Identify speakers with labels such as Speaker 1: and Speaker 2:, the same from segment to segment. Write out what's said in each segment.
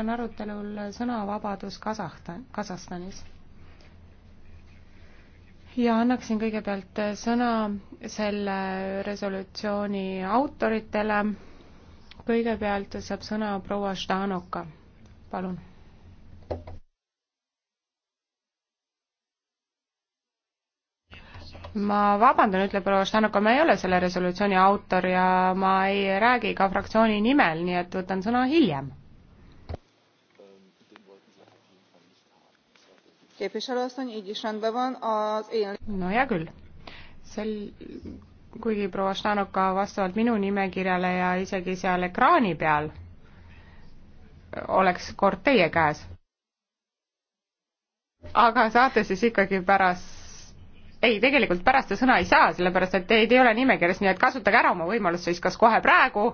Speaker 1: on arutelul sõnavabadus Kasahta-, Kasahstanis. ja annaksin kõigepealt sõna selle resolutsiooni autoritele. kõigepealt saab sõna proua Ždanoka, palun. ma vabandan, ütleb proua Ždanoka, ma ei ole selle resolutsiooni autor ja ma ei räägi ka fraktsiooni nimel, nii et võtan sõna hiljem Képviselő asszony, így is rendben van. Az én... No hea küll. Sel, kuigi proua Štanoka vastavalt minu nimekirjale ja isegi seal ekraani peal oleks kord teie käes. aga saate siis ikkagi pärast ei, tegelikult pärast te sõna ei saa, sellepärast et teid ei ole nimekirjas, nii et kasutage ära oma võimalust siis kas kohe praegu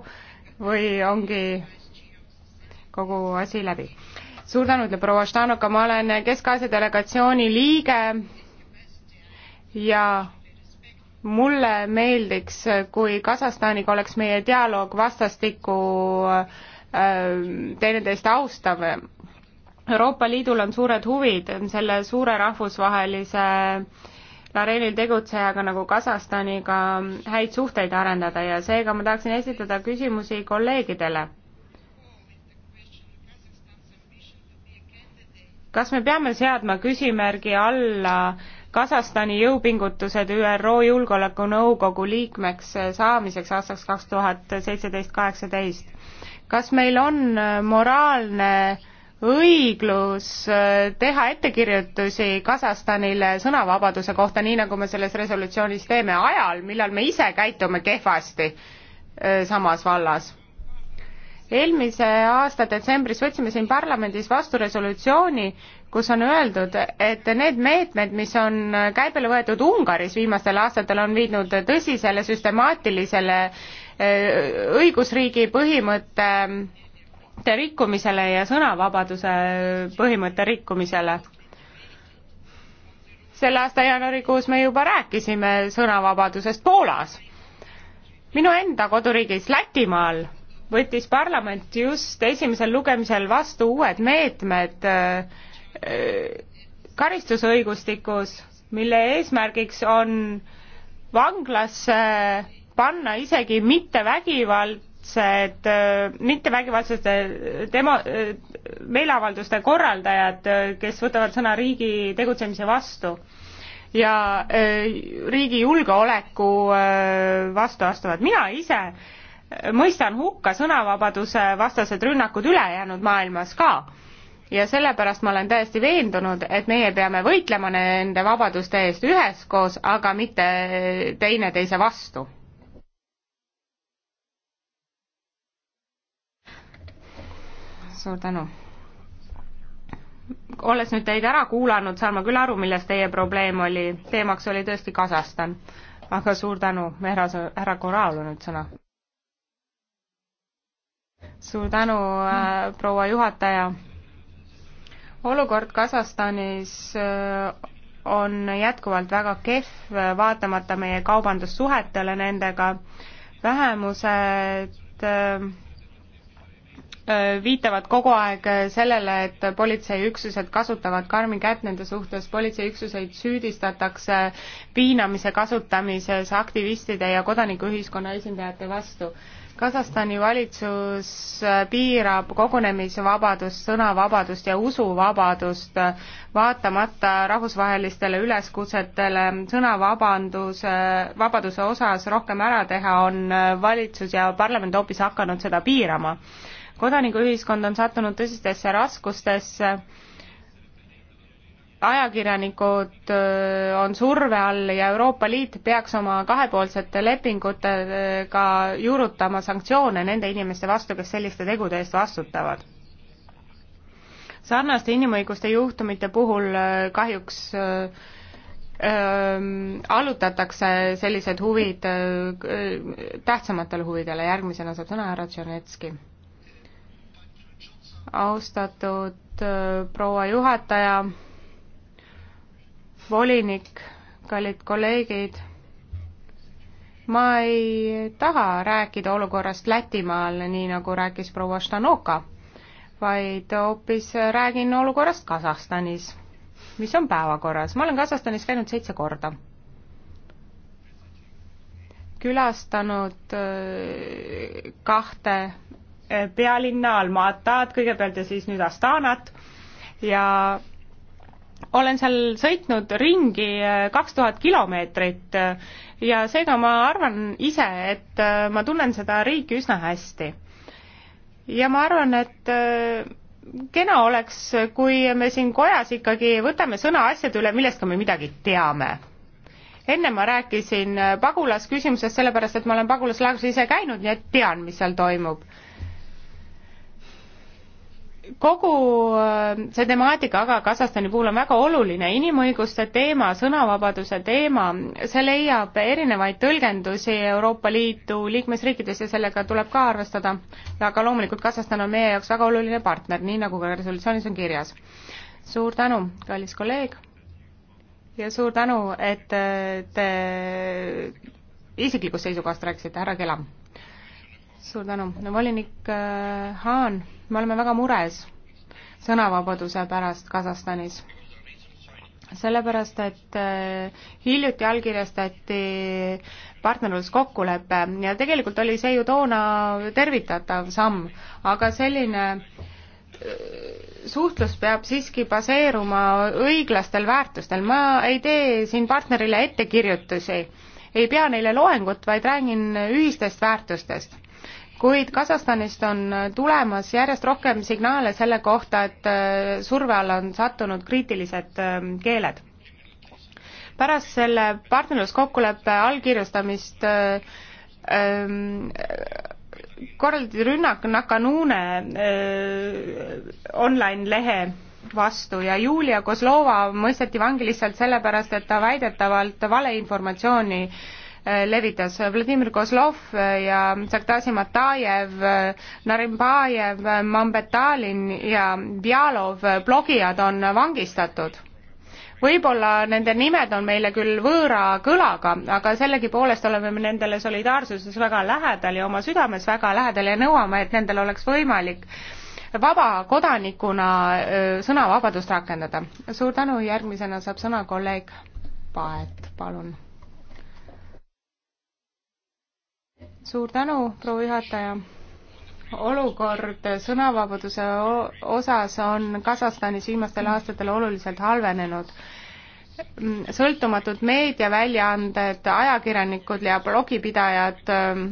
Speaker 1: või ongi kogu asi läbi suur tänu, ütleb proua Štanuka, ma olen Kesk-Aasia delegatsiooni liige ja mulle meeldiks, kui Kasahstaniga oleks meie dialoog vastastikku äh, teineteist austav. Euroopa Liidul on suured huvid selle suure rahvusvahelise areenil tegutsejaga nagu Kasahstaniga häid suhteid arendada ja seega ma tahaksin esitada küsimusi kolleegidele kas me peame seadma küsimärgi alla Kasahstani jõupingutused ÜRO Julgeolekunõukogu liikmeks saamiseks aastaks kaks tuhat seitseteist, kaheksateist? kas meil on moraalne õiglus teha ettekirjutusi Kasahstanile sõnavabaduse kohta, nii nagu me selles resolutsioonis teeme, ajal, millal me ise käitume kehvasti samas vallas? eelmise aasta detsembris võtsime siin parlamendis vastu resolutsiooni, kus on öeldud, et need meetmed, mis on käibele võetud Ungaris viimastel aastatel, on viinud tõsisele süstemaatilisele eh, õigusriigi põhimõtte rikkumisele ja sõnavabaduse põhimõtte rikkumisele. selle aasta jaanuarikuus me juba rääkisime sõnavabadusest Poolas. minu enda koduriigis Lätimaal võttis parlament just esimesel lugemisel vastu uued meetmed äh, karistusõigustikus, mille eesmärgiks on vanglasse panna isegi mittevägivaldsed, äh, mittevägivaldsete demo, äh, meeleavalduste korraldajad, kes võtavad sõna riigi tegutsemise vastu ja riigi julgeoleku vastu astuvad. mina ise mõistan hukka sõnavabaduse vastased rünnakud ülejäänud maailmas ka ja sellepärast ma olen täiesti veendunud, et meie peame võitlema nende vabaduste eest üheskoos, aga mitte teineteise vastu. suur tänu. olles nüüd teid ära kuulanud, saan ma küll aru, milles teie probleem oli, teemaks oli tõesti Kasahstan. aga suur tänu, härra, härra Koraal on nüüd sõna suur tänu äh,, proua juhataja. olukord Kasahstanis äh, on jätkuvalt väga kehv, äh, vaatamata meie kaubandussuhetele nendega. vähemused äh, äh viitavad kogu aeg äh, sellele, et politseiüksused kasutavad karmi kätt nende suhtes, politseiüksuseid süüdistatakse piinamise kasutamises aktivistide ja kodanikuühiskonna esindajate vastu. Kasahstani valitsus äh, piirab kogunemisvabadust, sõnavabadust ja usuvabadust, äh, vaatamata rahvusvahelistele üleskutsetele sõnavabanduse, vabaduse osas rohkem ära teha, on äh, valitsus ja parlament hoopis hakanud seda piirama. kodanikuühiskond on sattunud tõsistesse raskustesse ajakirjanikud äh, on surve all ja Euroopa Liit peaks oma kahepoolsete lepingutega juurutama sanktsioone nende inimeste vastu, kes selliste tegude eest vastutavad. sarnaste inimõiguste juhtumite puhul äh, kahjuks äh, ähm, allutatakse sellised huvid äh, tähtsamatele huvidele, järgmisena saab sõna härra Tšernetski. austatud äh, proua juhataja volinik, kallid kolleegid, ma ei taha rääkida olukorrast Lätimaal, nii nagu rääkis proua Štanoka, vaid hoopis räägin olukorrast Kasahstanis, mis on päevakorras. ma olen Kasahstanis käinud seitse korda. külastanud äh, kahte äh, pealinna, Almatat kõigepealt ja siis nüüd Astanat ja olen seal sõitnud ringi äh, kaks tuhat kilomeetrit äh, ja seega ma arvan ise, et äh, ma tunnen seda riiki üsna hästi. ja ma arvan, et kena oleks, kui me siin kojas ikkagi võtame sõna asjade üle, millest ka me midagi teame enne ma rääkisin pagulasküsimusest, sellepärast et ma olen pagulaslaagris ise käinud, nii et tean, mis seal toimub kogu äh, see temaatika aga Kasahstani puhul on väga oluline, inimõiguste teema, sõnavabaduse teema, see leiab erinevaid tõlgendusi Euroopa Liidu liikmesriikides ja sellega tuleb ka arvestada. aga loomulikult Kasahstan on meie jaoks väga oluline partner, nii nagu ka resolutsioonis on kirjas. suur tänu, kallis kolleeg ja suur tänu, et äh, te isiklikust seisukohast rääkisite, härra Kelam suur tänu. no volinik äh, Haan, me oleme väga mures sõnavabaduse pärast Kasahstanis sellepärast, et äh, hiljuti allkirjastati partnerluskokkulepe ja tegelikult oli see ju toona tervitatav samm, aga selline äh, suhtlus peab siiski baseeruma õiglastel väärtustel, ma ei tee siin partnerile ettekirjutusi, ei pea neile loengut, vaid räägin ühistest väärtustest kuid Kasahstanist on tulemas järjest rohkem signaale selle kohta, et äh, surve alla on sattunud kriitilised ähm, keeled. pärast selle partnerluskokkuleppe allkirjastamist äh, ähm, korraldati rünnak Nakanune äh, online-lehe vastu ja Julia Kozlova mõisteti vangi lihtsalt sellepärast, et ta väidetavalt valeinformatsiooni äh, levitas. Vladimir Kozlov ja Saktasi Matajev, Narimbajev, Mambetalin ja Bjalov, blogijad on vangistatud võib-olla nende nimed on meile küll võõra kõlaga, aga sellegipoolest oleme me nendele solidaarsuses väga lähedal ja oma südames väga lähedal ja nõuame, et nendel oleks võimalik vaba kodanikuna sõnavabadust rakendada. suur tänu, järgmisena saab sõna kolleeg Paet, palun suur tänu, proua juhataja. olukord sõnavabaduse osas on Kasahstanis viimastel aastatel oluliselt halvenenud mm, sõltumatud meediaväljaanded, ajakirjanikud ja blogipidajad mm,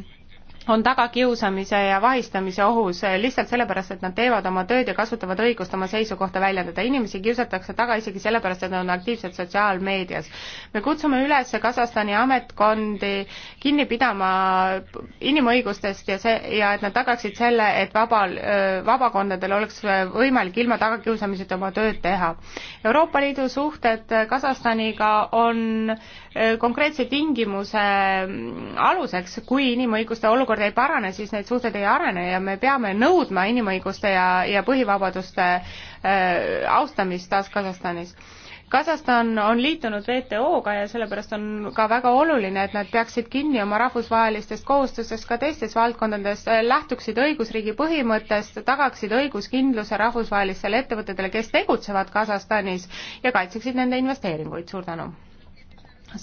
Speaker 1: on tagakiusamise ja vahistamise ohus lihtsalt sellepärast, et nad teevad oma tööd ja kasutavad õigust oma seisukohta väljendada. inimesi kiusatakse taga isegi sellepärast, et nad on aktiivsed sotsiaalmeedias. me kutsume üles Kasahstani ametkondi kinni pidama inimõigustest ja see, ja et nad tagaksid selle, et vabal, vabakondadel oleks võimalik ilma tagakiusamiseta oma tööd teha. Euroopa Liidu suhted Kasahstaniga on konkreetse tingimuse aluseks, kui inimõiguste olukord olukord ei parane, siis need suhted ei arene ja me peame nõudma inimõiguste ja, ja põhivabaduste äh, austamist taas Kasahstanis. Kasahstan on liitunud WTO-ga ja sellepärast on ka väga oluline, et nad peaksid kinni oma rahvusvahelistest kohustustest ka teistes valdkondades, äh, lähtuksid õigusriigi põhimõttest, tagaksid õiguskindluse rahvusvahelistele ettevõtetele, kes tegutsevad Kasahstanis ja kaitseksid nende investeeringuid. suur tänu!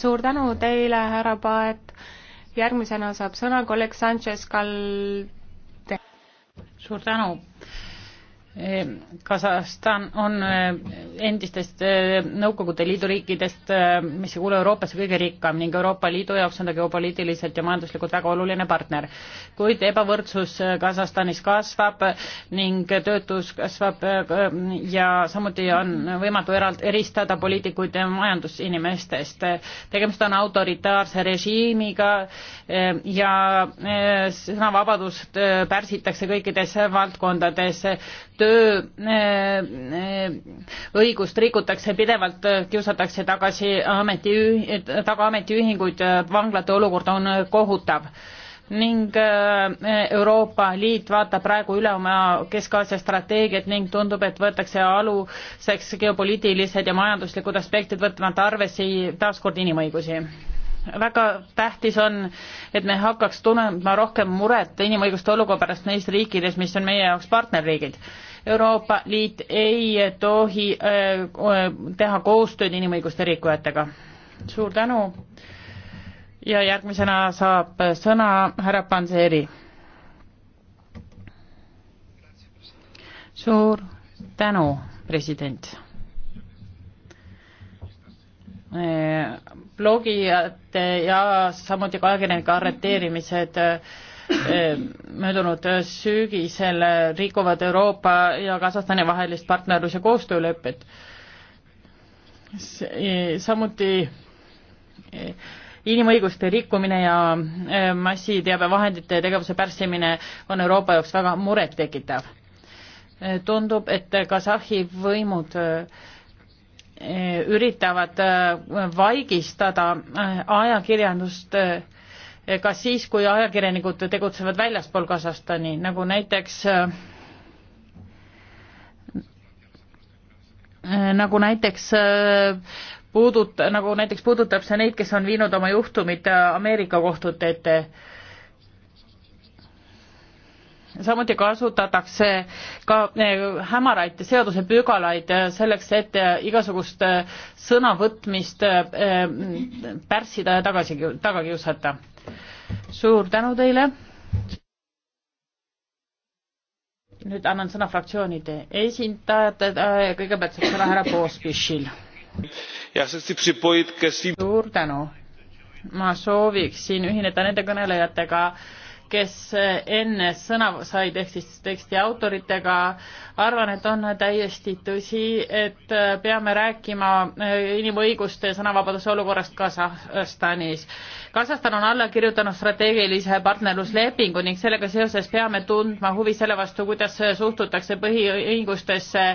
Speaker 1: suur tänu teile, härra Paet! järgmisena saab sõna kolleeg Sanchez
Speaker 2: Calde. suur tänu Ehm, Kasahstan on eh, endistest eh, Nõukogude Liidu riikidest, eh, mis ei kuulu Euroopasse, kõige rikkam ning Euroopa Liidu jaoks on ta geopoliitiliselt ja majanduslikult väga oluline partner. kuid ebavõrdsus Kasahstanis kasvab ning töötus kasvab ja samuti on võimatu eraldi eristada poliitikuid majandusinimestest. tegemist on autoritaarse režiimiga ja sõnavabadust pärsitakse kõikides valdkondades töö äh, äh, õigust rikutakse pidevalt, kiusatakse tagasi ameti, taga ametiühinguid, vanglate olukord on kohutav ning äh, Euroopa Liit vaatab praegu üle oma Kesk-Aasia strateegiat ning tundub, et võetakse aluseks geopoliitilised ja majanduslikud aspektid, võtmata arvesse taaskord inimõigusi väga tähtis on, et me hakkaks tundma rohkem muret inimõiguste olukorra pärast neis riikides, mis on meie jaoks partnerriigid Euroopa Liit ei tohi teha koostööd inimõiguste rikkujatega. suur tänu ja järgmisena saab sõna härra Panseri. suur tänu, president. blogijate ja samuti ka ajakirjanike arreteerimised äh, Eh, möödunud eh, sügisel eh, rikuvad Euroopa ja Kasahstani vahelist partnerlus- ja koostöölepet. samuti inimõiguste rikkumine ja massiteabevahendite tegevuse pärssimine on Euroopa jaoks väga murettekitav. tundub, et Kasahhi võimud üritavad vaigistada ajakirjandust ka siis, kui ajakirjanikud tegutsevad väljaspool Kasahstani, nagu näiteks äh, nagu näiteks äh, puudut-, nagu näiteks puudutab see neid, kes on viinud oma juhtumid äh, Ameerika kohtute ette. samuti kasutatakse ka hämaraid seadusepügalaid selleks, et igasugust sõnavõtmist pärssida ja tagasi, taga kiusata suur tänu teile. nüüd annan sõna fraktsioonide esindajatele, äh, kõigepealt saab sõna härra Poospišil. suur tänu. ma sooviksin ühineda nende kõnelejatega kes enne sõna said, ehk siis teksti autoritega, arvan, et on täiesti tõsi, et peame rääkima äh, inimõiguste ja sõnavabaduse olukorrast Kasahstanis. Kasahstan on alla kirjutanud strateegilise partnerluslepingu ning sellega seoses peame tundma huvi selle vastu, kuidas suhtutakse põhiõigustesse,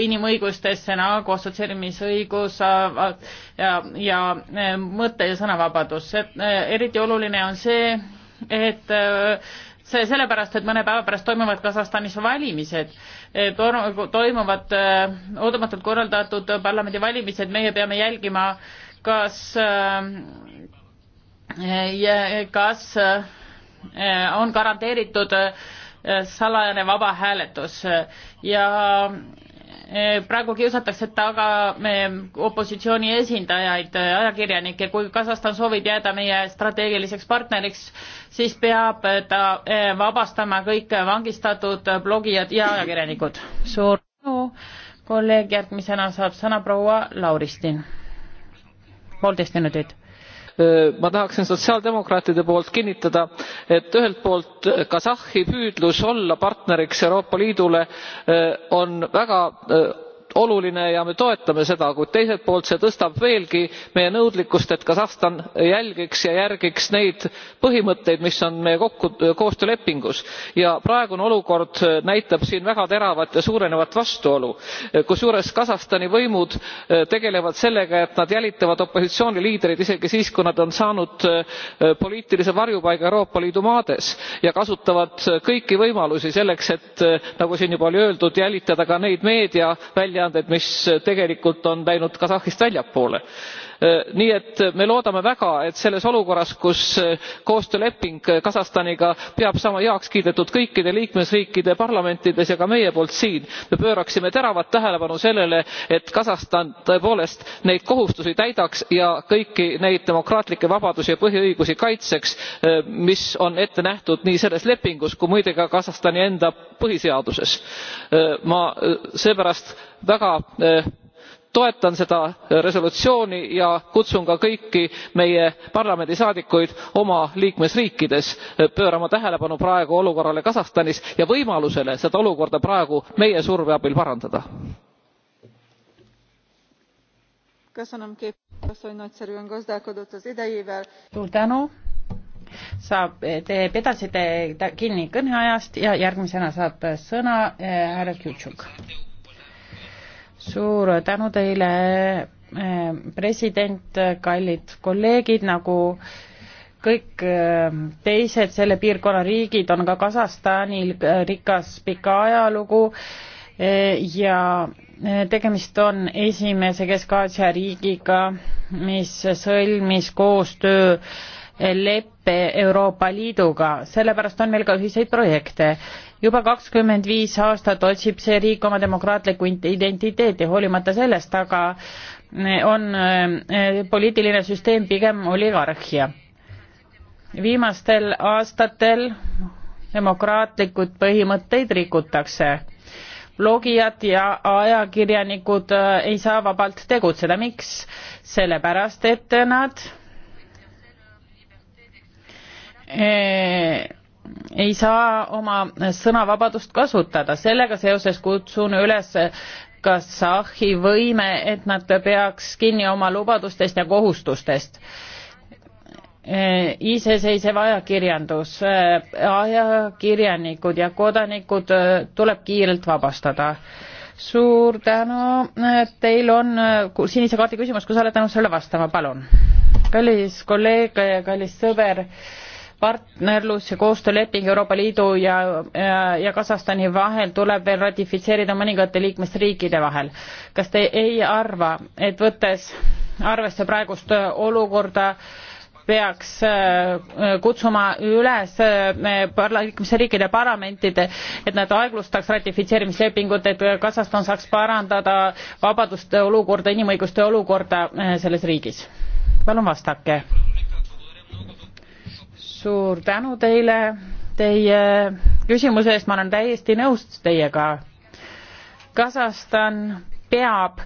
Speaker 2: inimõigustesse nagu assotsieerimisõigus äh, äh, ja, ja mõtte- ja sõnavabadus. eriti oluline on see, et äh, see sellepärast, et mõne päeva pärast toimuvad Kasahstanis valimised, äh, toimuvad äh, ootamatult korraldatud parlamendivalimised, meie peame jälgima, kas, kas on garanteeritud salajane vaba hääletus ja Eh, praegu kiusatakse taga opositsiooni esindajaid, eh, ajakirjanikke, kui Kasahstan soovib jääda meie strateegiliseks partneriks, siis peab eh, ta vabastama kõik vangistatud blogijad ja ajakirjanikud. suur tänu, kolleeg, järgmisena saab sõna proua Lauristin. poolteist
Speaker 3: minutit Äh, ma tahaksin sotsiaaldemokraatide poolt kinnitada et ühelt poolt kasahhi püüdlus olla partneriks euroopa liidule äh, on väga äh, oluline ja me toetame seda kuid teiselt poolt see tõstab veelgi meie nõudlikkust et kasahstan jälgiks ja järgiks neid põhimõtteid mis on meie koostöölepingus ja praegune olukord näitab siin väga teravat ja suurenevat vastuolu kusjuures kasahstani võimud eh, tegelevad sellega et nad jälitavad opositsiooniliidreid isegi siis kui nad on saanud eh, poliitilise varjupaiga euroopa liidu maades ja kasutavad eh, kõiki võimalusi selleks et nagu siin juba oli öeldud jälitada ka neid meediaväljaandeid väljaandeid mis tegelikult on läinud kasahhist väljapoole. Äh, nii et äh, me loodame väga et selles olukorras kus äh, koostööleping kasahstaniga peab saama heaks kiidetud kõikide liikmesriikide parlamentides ja ka meie poolt siin me pööraksime teravat tähelepanu sellele et kasahstan tõepoolest neid kohustusi täidaks ja kõiki neid demokraatlikke vabadusi ja põhiõigusi kaitseks mis on ette nähtud nii selles lepingus kui muide ka kasahstani enda põhiseaduses. ma seepärast väga toetan seda äh, resolutsiooni ja kutsun ka kõiki meie parlamendi saadikuid oma liikmesriikides äh, pöörama tähelepanu praegu olukorrale kasahstanis ja võimalusele seda olukorda praegu meie surve abil parandada.
Speaker 2: suur tänu! saab, eh, te pidasite kinni kõneajast ja järgmisena saab sõna eh, härra Kjutšuk suur tänu teile, eh, president, kallid kolleegid, nagu kõik eh, teised selle piirkonna riigid on ka Kasahstanil eh, rikas pika ajalugu ja tegemist on esimese Kesk-Aasia riigiga, mis sõlmis koostöö lep-, leppe Euroopa Liiduga, sellepärast on meil ka ühiseid projekte. juba kakskümmend viis aastat otsib see riik oma demokraatlikku identiteeti, hoolimata sellest aga eh, on eh, poliitiline süsteem pigem oligarhia. viimastel aastatel demokraatlikud põhimõtteid rikutakse blogijad ja ajakirjanikud eh, ei saa vabalt tegutseda miks sellepärast et nad Eh, ei saa oma sõnavabadust kasutada, sellega seoses kutsun üles Kasahhi võime, et nad peaks kinni oma lubadustest ja kohustustest eh, iseseisev ajakirjandus, eh, ajakirjanikud ja kodanikud tuleb kiirelt vabastada. suur tänu, teil on sinise kaardi küsimus, kui sa oled nõus selle vastama, palun. kallis kolleeg, kallis sõber partnerlus ja koostööleping Euroopa Liidu ja, ja, ja Kasahstani vahel tuleb veel ratifitseerida mõningate liikmesriikide vahel. kas te ei arva, et võttes arvesse praegust olukorda, peaks äh, kutsuma üles äh, liikmesriikide parlamentide, et nad aeglustaks ratifitseerimislepingut, et Kasahstan saaks parandada vabaduste olukorda, inimõiguste olukorda äh, selles riigis. palun vastake suur tänu teile teie küsimuse eest, ma olen täiesti nõus teiega. Kasahstan peab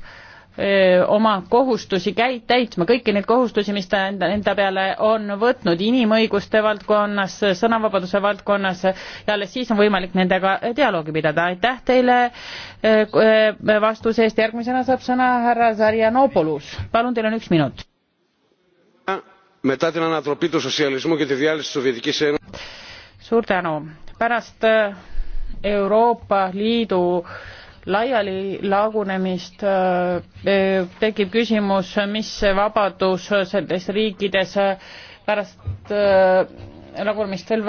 Speaker 2: öö, oma kohustusi käi-, täitma, kõiki neid kohustusi, mis ta enda, enda peale on võtnud inimõiguste valdkonnas, sõnavabaduse valdkonnas ja alles siis on võimalik nendega dialoogi pidada. aitäh teile öö, vastuse eest, järgmisena saab sõna härra Zarjanopoulos, palun, teil on üks minut
Speaker 3: μετά την ανατροπή του σοσιαλισμού και τη διάλυση της Σοβιετικής Ένωσης.
Speaker 2: Suur tänu. Pärast äh, Euroopa Liidu laiali lagunemist äh, äh, tekib küsimus, mis vabadus selles riikides pärast lagunemist veel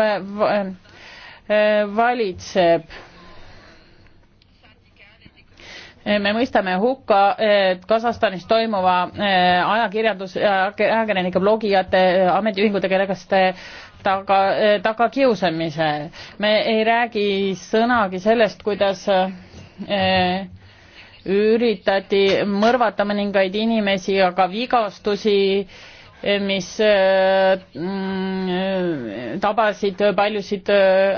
Speaker 2: valitseb me mõistame hukka Kasahstanis toimuva eh, ajakirjandus, eh, ajakirjanike, blogijate, eh, ametiühingute, kellega te taga, tagakiusamise. me ei räägi sõnagi sellest, kuidas üritati mõrvata mõningaid inimesi, aga vigastusi mis mm, tabasid paljusid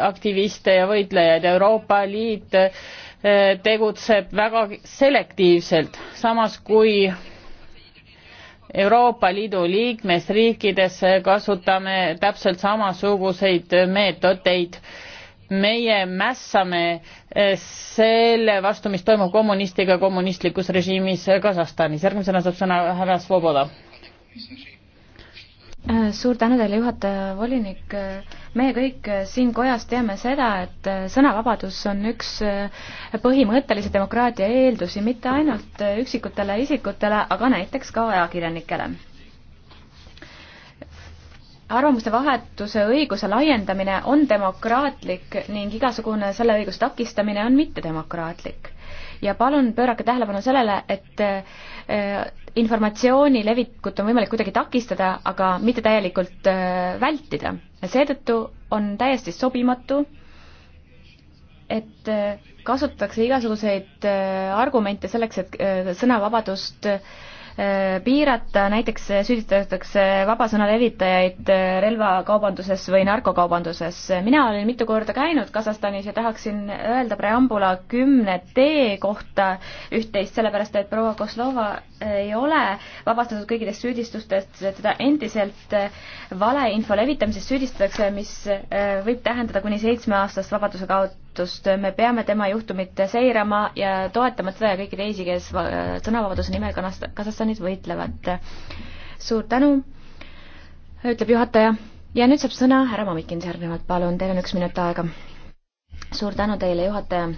Speaker 2: aktiviste ja võitlejaid. Euroopa Liit tegutseb väga selektiivselt, samas kui Euroopa Liidu liikmesriikides kasutame täpselt samasuguseid meetodeid. meie mässame selle vastu, mis toimub kommunistiga kommunistlikus režiimis Kasahstanis. järgmisena saab sõna härra Svoboda
Speaker 4: Äh, suur tänu teile, juhataja, volinik. Äh, me kõik äh, siin kojas teame seda, et sõnavabadus on üks põhimõttelise demokraatia eeldusi mitte ainult üksikutele isikutele, aga näiteks ka ajakirjanikele. arvamuste vahetuse õiguse laiendamine on demokraatlik ning igasugune selle õiguse takistamine on mittedemokraatlik ja palun pöörake tähelepanu sellele, et Äh, informatsiooni levikut on võimalik kuidagi takistada, aga mitte täielikult äh, vältida. seetõttu on täiesti sobimatu, et äh, kasutatakse igasuguseid argumente selleks, et sõnavabadust äh, Äh, piirata, näiteks äh, süüdistatakse vabasõna levitajaid äh, relvakaubanduses või narkokaubanduses. mina olen mitu korda käinud Kasahstanis ja tahaksin öelda preambula kümne D kohta üht-teist, sellepärast et proua Kozlova ei ole vabastatud kõigidest süüdistustest, teda endiselt äh, valeinfo levitamises süüdistatakse, mis äh, võib tähendada kuni seitsmeaastast vabaduse kaotust. me peame tema juhtumit seirama ja toetama teda ja kõiki teisi, kes äh, sõnavabaduse nimel Kasahstanis võitlevad. suur tänu, ütleb juhataja. ja nüüd saab sõna härra Mamikin järgnevalt, palun, teil on üks minut aega. suur tänu teile, juhataja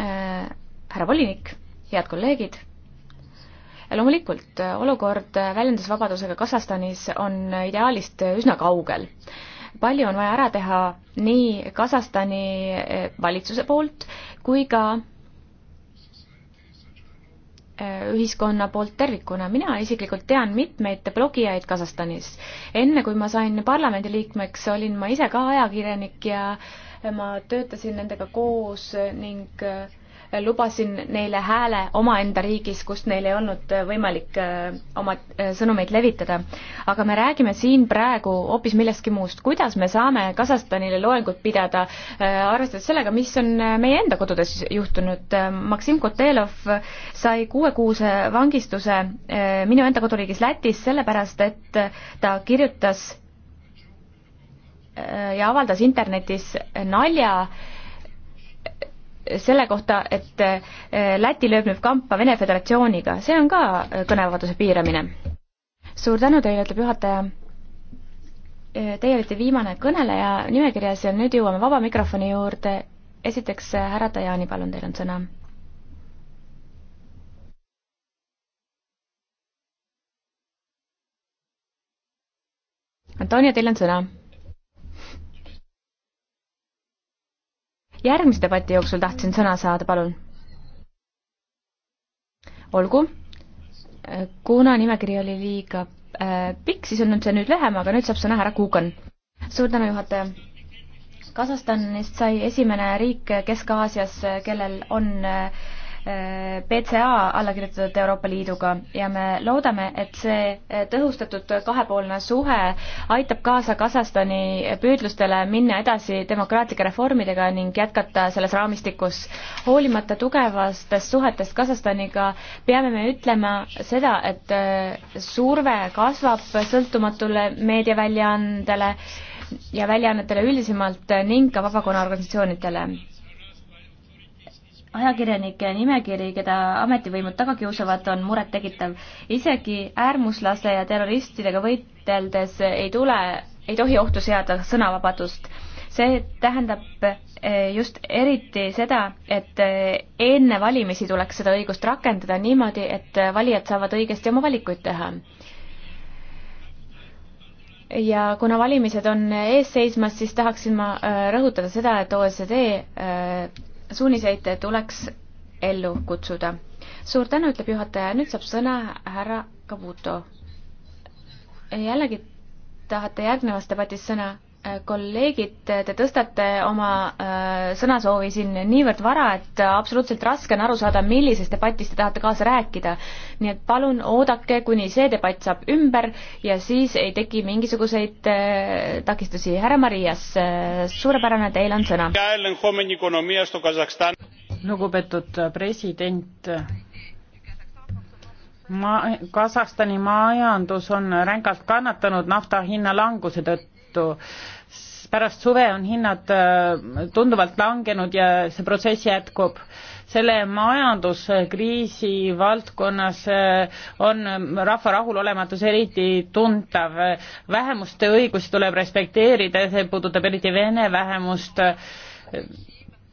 Speaker 4: äh,, härra volinik, head kolleegid loomulikult, olukord väljendusvabadusega Kasahstanis on ideaalist üsna kaugel palju on vaja ära teha nii Kasahstani eh, valitsuse poolt kui ka eh, ühiskonna poolt tervikuna. mina isiklikult tean mitmeid blogijaid Kasahstanis. enne, kui ma sain parlamendiliikmeks, olin ma ise ka ajakirjanik ja ma töötasin nendega koos ning äh, lubasin neile hääle omaenda riigis, kus neil ei olnud äh, võimalik äh, oma äh, sõnumeid levitada. aga me räägime siin praegu hoopis millestki muust. kuidas me saame Kasahstanile loengut pidada, arvestades sellega, mis on meie enda kodudes juhtunud? Maksim Kotelov sai kuuekuuse vangistuse minu enda koduriigis Lätis sellepärast, et ta kirjutas ja avaldas internetis nalja äh, selle kohta, et eh, Läti lööb nüüd kampa Vene Föderatsiooniga, see on ka eh, kõnevabaduse piiramine. suur tänu teile, ütleb juhataja. Eh, teie olite viimane kõneleja nimekirjas ja nüüd jõuame vaba mikrofoni juurde. esiteks härra Tajani, palun, teil on sõna. Antonia, teil on sõna järgmise debati jooksul tahtsin sõna saada, palun. olgu. kuna nimekiri oli liiga äh, pikk, siis on nüüd see nüüd lühem, aga nüüd saab sõna härra Kuukan. suur tänu, juhataja. Kasahstanist sai esimene riik Kesk-Aasias, kellel on äh, PCA alla kirjutatud Euroopa Liiduga ja me loodame, et see eh, tõhustatud kahepoolne suhe aitab kaasa Kasahstani püüdlustele minna edasi demokraatlike reformidega ning jätkata selles raamistikus. hoolimata tugevastest suhetest Kasahstaniga peame me ütlema seda, et eh, surve kasvab sõltumatule meediaväljaandele ja väljaannetele üldisemalt ning ka vabakonnaorganisatsioonidele ajakirjanike nimekiri, keda ametivõimud taga kiusavad, on murettekitav. isegi äärmuslaste ja terroristidega võiteldes ei tule, ei tohi ohtu seada sõnavabadust. see tähendab eh, just eriti seda, et eh, enne valimisi tuleks seda õigust rakendada niimoodi, et valijad saavad õigesti oma valikuid teha ja kuna valimised on ees seismas, siis tahaksin ma eh, rõhutada seda, et OECD suuniseid tuleks ellu kutsuda. suur tänu, ütleb juhataja, nüüd saab sõna härra Kabuto. jällegi tahate järgnevas debatis sõna? Äh, kolleegid, te tõstate oma äh, sõnasoovi siin niivõrd vara, et absoluutselt raske on aru saada, millises debatis te tahate kaasa rääkida. nii et palun oodake, kuni see debatt saab ümber ja siis ei teki mingisuguseid äh, takistusi. härra Marias, suurepärane, teil on sõna. lugupeetud president,
Speaker 2: ma, Kasahstani majandus on rängalt kannatanud nafta hinna languse tõttu tõttu. pärast suve on hinnad äh, tunduvalt langenud ja see protsess jätkub selle majanduskriisi valdkonnas äh, on rahva rahulolematus eriti tuntav. vähemuste õigusi tuleb respekteerida ja see puudutab eriti vene vähemust,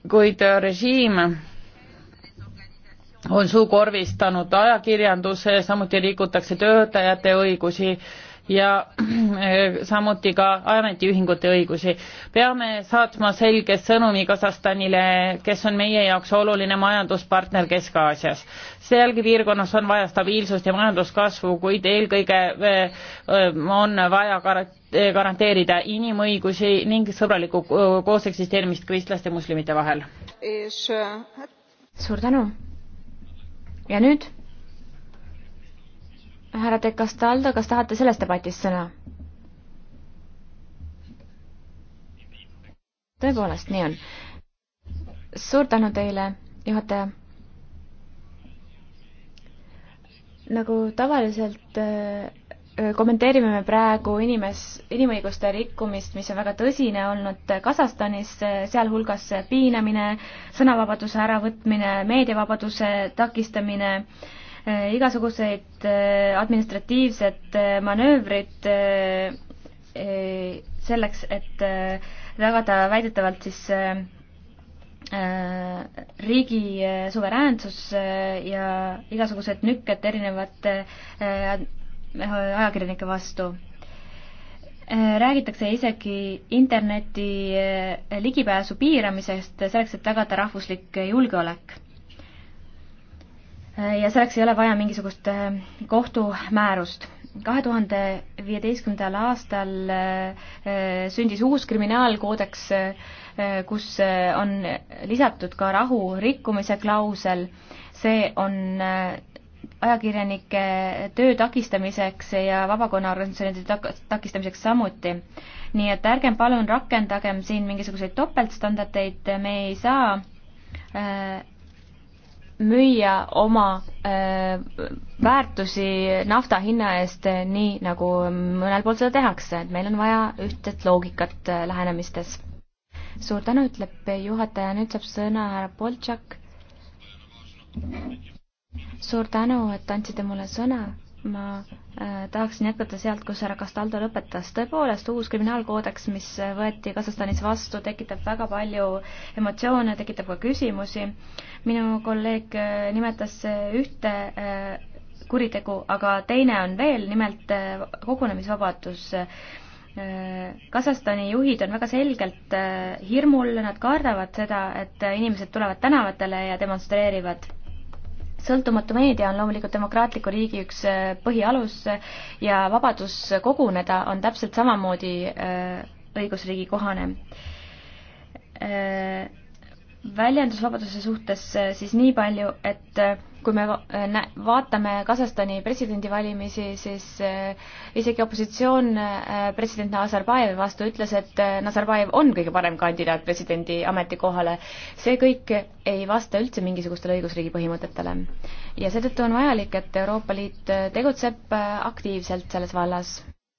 Speaker 2: kuid režiim on suukorvistanud ajakirjanduse, samuti rikutakse töötajate õigusi ja samuti ka ametiühingute õigusi. peame saatma selge sõnumi Kasahstanile, kes on meie jaoks oluline majanduspartner Kesk-Aasias. sealgi piirkonnas on vaja stabiilsust ja majanduskasvu, kuid eelkõige eh, eh, on vaja eh, garanteerida inimõigusi ning sõbralikku
Speaker 4: kooseksisteerimist kristlaste ja moslemite vahel. suur tänu. ja nüüd? härra De Castaldo, kas tahate selles debatis sõna? tõepoolest, nii on. suur tänu teile, juhataja. nagu tavaliselt äh, kommenteerime me praegu inimes, inimõiguste rikkumist, mis on väga tõsine olnud Kasahstanis, äh, sealhulgas piinamine, sõnavabaduse äravõtmine, meediavabaduse takistamine äh,, Eh, igasuguseid eh, administratiivset eh, manöövrit selleks, et tagada väidetavalt siis riigi suveräänsus ja igasugused nükked erinevate ajakirjanike vastu räägitakse isegi interneti ligipääsu piiramisest selleks, et tagada rahvuslik julgeolek. Äh, ja selleks ei ole vaja mingisugust äh, kohtumäärust. kahe tuhande viieteistkümnendal aastal äh, sündis uus kriminaalkoodeks, kus on lisatud ka rahu rikkumise klausel, see on ajakirjanike töö takistamiseks ja vabakonnaorganisatsioonide takistamiseks samuti. nii et ärgem palun rakendagem siin mingisuguseid topeltstandardeid, me ei saa müüa oma äh, väärtusi nafta hinna eest, nii nagu mõnel pool seda tehakse, et meil on vaja ühtset loogikat äh, lähenemistes. suur tänu, ütleb juhataja, nüüd saab sõna härra Boltšak. suur tänu, et andsite mulle sõna ma äh, tahaksin jätkata sealt, kus härra Castaldo lõpetas. tõepoolest, uus kriminaalkoodeks, mis äh, võeti Kasahstanis vastu, tekitab väga palju emotsioone, tekitab ka küsimusi. minu kolleeg äh, nimetas ühte kuritegu, aga teine on veel, nimelt kogunemisvabadus Kasahstani juhid on väga selgelt hirmul, nad kardavad seda, et inimesed tulevad tänavatele ja demonstreerivad sõltumatu meedia on loomulikult demokraatliku riigi üks äh, põhialus äh, ja vabadus koguneda on täpselt samamoodi äh, õigusriigi kohane väljendusvabaduse suhtes eh, siis nii palju, et eh, kui me eh, vaatame Kasahstani presidendivalimisi, siis isegi opositsioon president Nazarbajevi vastu ütles, et Nazarbajev on kõige parem kandidaat presidendi ametikohale. see kõik ei vasta üldse mingisugustele õigusriigi põhimõtetele. ja seetõttu on vajalik, et Euroopa Liit tegutseb aktiivselt selles vallas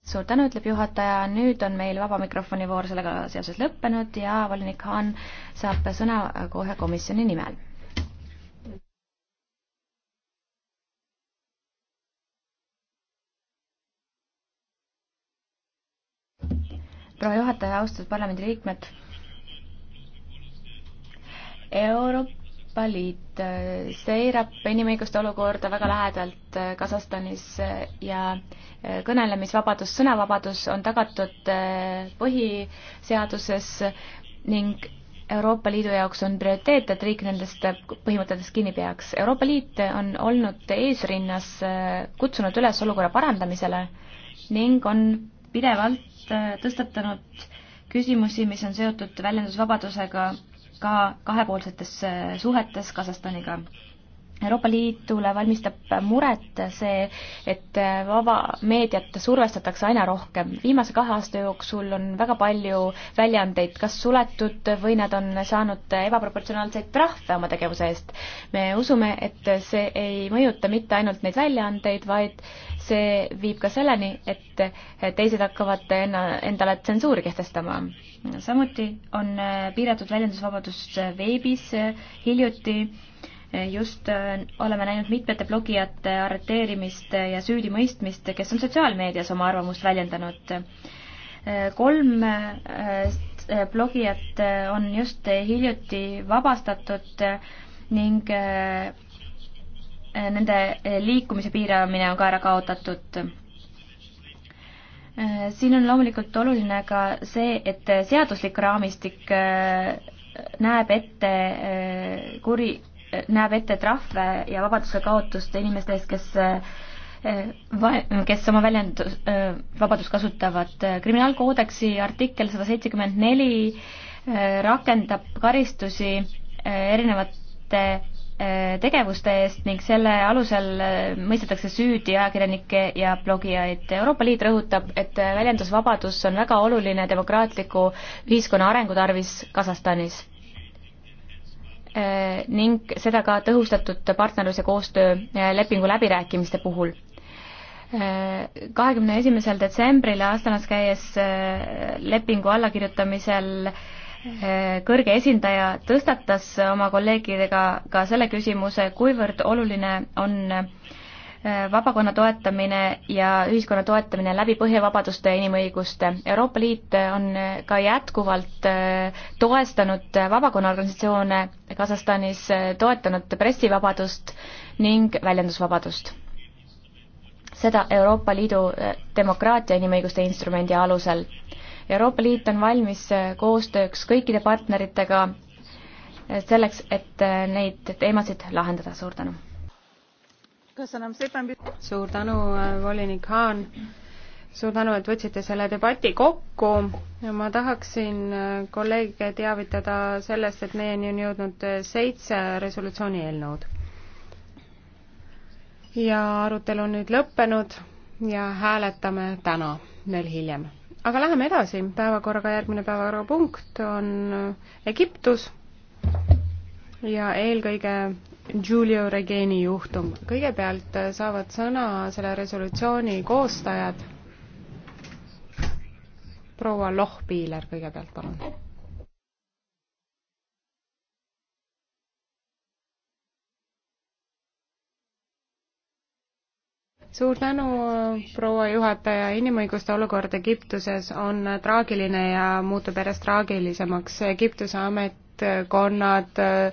Speaker 4: suur tänu, ütleb juhataja, nüüd on meil vaba mikrofoni voor sellega seoses lõppenud ja volinik Haan saab sõna kohe komisjoni nimel. proua juhataja, austatud parlamendiliikmed. Euroopa Euroopa Liit äh, seirab inimõiguste olukorda väga lähedalt äh, Kasahstanis äh, ja kõnelemisvabadus, sõnavabadus on tagatud põhiseaduses ning Euroopa Liidu jaoks on prioriteet, et riik nendest põhimõtetest kinni peaks. Euroopa Liit on olnud eesrinnas, kutsunud üles olukorra parandamisele ning on pidevalt tõstatanud küsimusi, mis on seotud väljendusvabadusega ka kahepoolsetes suhetes Kasahstaniga. Euroopa Liidule valmistab muret see, et vaba meediat survestatakse aina rohkem. viimase kahe aasta jooksul on väga palju väljaandeid kas suletud või nad on saanud ebaproportsionaalseid trahve oma tegevuse eest. me usume, et see ei mõjuta mitte ainult neid väljaandeid, vaid see viib ka selleni, et teised hakkavad enna, endale tsensuuri kehtestama. samuti on piiratud väljendusvabadus veebis hiljuti just äh, oleme näinud mitmete blogijate arreteerimist ja süüdimõistmist, kes on sotsiaalmeedias oma arvamust väljendanud. Äh, kolm äh, blogijat on just hiljuti vabastatud ning nende liikumise piiramine on ka ära kaotatud siin on loomulikult oluline ka see, et seaduslik raamistik näeb ette kuri, näeb ette trahve ja vabaduse kaotust inimeste eest, kes eh, kes oma väljendus, eh, vabadust kasutavad. kriminaalkoodeksi artikkel sada seitsekümmend neli eh, rakendab karistusi erinevate tegevuste eest ning selle alusel mõistetakse süüdi ajakirjanikke ja blogijaid. Euroopa Liit rõhutab, et väljendusvabadus on väga oluline demokraatliku ühiskonna arengu tarvis Kasahstanis Äh, ning seda ka tõhustatud partnerluse koostöölepingu läbirääkimiste puhul. Äh, kahekümne esimesel detsembril Astanas käies äh, lepingu allakirjutamisel kõrge esindaja tõstatas oma kolleegidega ka selle küsimuse, kuivõrd oluline on vabakonna toetamine ja ühiskonna toetamine läbi põhivabaduste ja inimõiguste. Euroopa Liit on ka jätkuvalt äh, toestanud vabakonna organisatsioone Kasahstanis, äh, toetanud pressivabadust ning väljendusvabadust. seda Euroopa Liidu äh, demokraatia inimõiguste instrumendi alusel. Euroopa Liit on valmis koostööks kõikide partneritega selleks, et neid teemasid lahendada. suur tänu!
Speaker 1: suur tänu, äh, volinik Haan. suur tänu, et võtsite selle debati kokku. ma tahaksin äh, kolleege teavitada sellest, et meieni on jõudnud äh, seitse resolutsiooni eelnõud. ja arutelu on nüüd lõppenud ja hääletame täna veel hiljem aga läheme edasi, päevakorraga järgmine päevakorrapunkt on Egiptus ja eelkõige Giulio Regeni juhtum. kõigepealt äh, saavad sõna selle resolutsiooni koostajad. proua Lohpiiler kõigepealt, palun. suur tänu, äh, proua juhataja, inimõiguste olukord Egiptuses on äh, traagiline ja muutub järjest traagilisemaks. Egiptuse ametkonnad äh,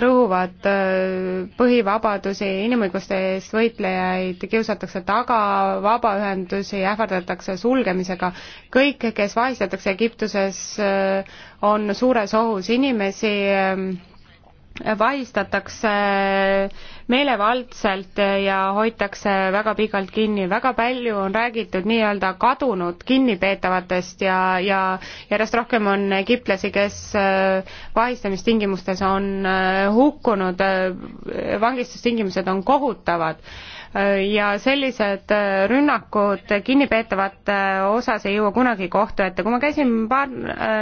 Speaker 1: rõhuvad äh, põhivabadusi, inimõiguste eest võitlejaid kiusatakse taga, vabaühendusi ähvardatakse sulgemisega. kõik, kes vahistatakse Egiptuses, äh, on suures ohus. inimesi ähm, vahistatakse meelevaldselt ja hoitakse väga pikalt kinni. väga palju on räägitud nii-öelda kadunud kinnipeetavatest ja, ja järjest rohkem on egiptlasi, kes äh, vahistamistingimustes on äh, hukkunud, vangistustingimused on kohutavad ja sellised äh, rünnakud kinnipeetavate osas ei jõua kunagi kohtu ette. kui ma käisin paar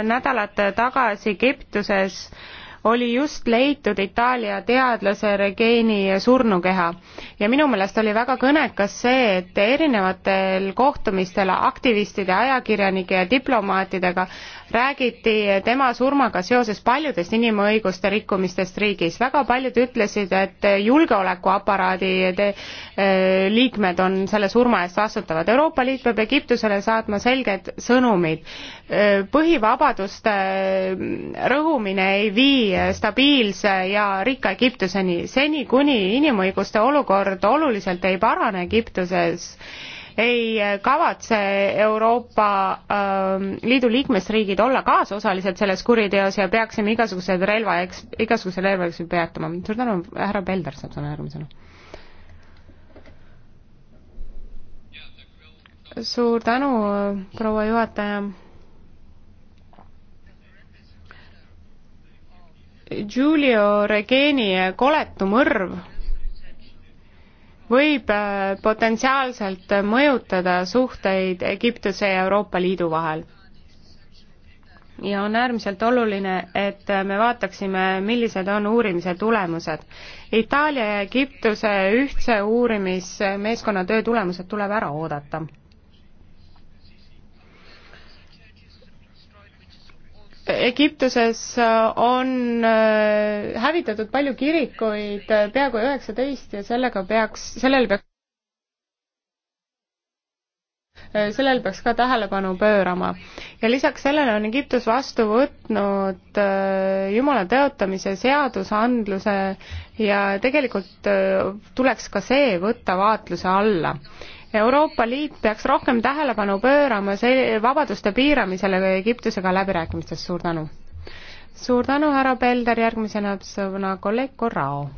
Speaker 1: nädalat tagasi Egiptuses, oli just leitud Itaalia teadlase Regeni surnukeha. ja minu meelest oli väga kõnekas see, et erinevatel kohtumistel aktivistide, ajakirjanike ja diplomaatidega räägiti tema surmaga seoses paljudest inimõiguste rikkumistest riigis. väga paljud ütlesid, et julgeolekuaparaadi äh, liikmed on selle surma eest vastutavad. Euroopa Liit peab Egiptusele saatma selged sõnumid. Äh, põhivabaduste äh, rõhumine ei vii stabiilse ja rikka Egiptuseni. seni, kuni inimõiguste olukord oluliselt ei parane Egiptuses, ei kavatse Euroopa äh, Liidu liikmesriigid olla kaasosalised selles kuriteos ja peaksime igasugused relva, igasuguse relvaeksi peatama. suur tänu, härra Pelder saab sõna järgmisena. suur tänu, proua juhataja Giulio Regeni koletu mõrv võib äh, potentsiaalselt mõjutada suhteid Egiptuse ja Euroopa Liidu vahel. ja on äärmiselt oluline, et me vaataksime, millised on uurimise tulemused. Itaalia ja Egiptuse ühtse uurimismeeskonna töö tulemused tuleb ära oodata Egiptuses äh, on äh, hävitatud palju kirikuid, äh, peaaegu üheksateist ja sellega peaks, sellel peaks sellel peaks ka tähelepanu pöörama. ja lisaks sellele on Egiptus vastu võtnud Jumala tõotamise seadusandluse ja tegelikult tuleks ka see võtta vaatluse alla Euroopa Liit peaks rohkem tähelepanu pöörama see vabaduste piiramisele Egiptusega läbirääkimistes, suur tänu. suur tänu, härra Pelder, järgmisena sõna kolleeg Corrao.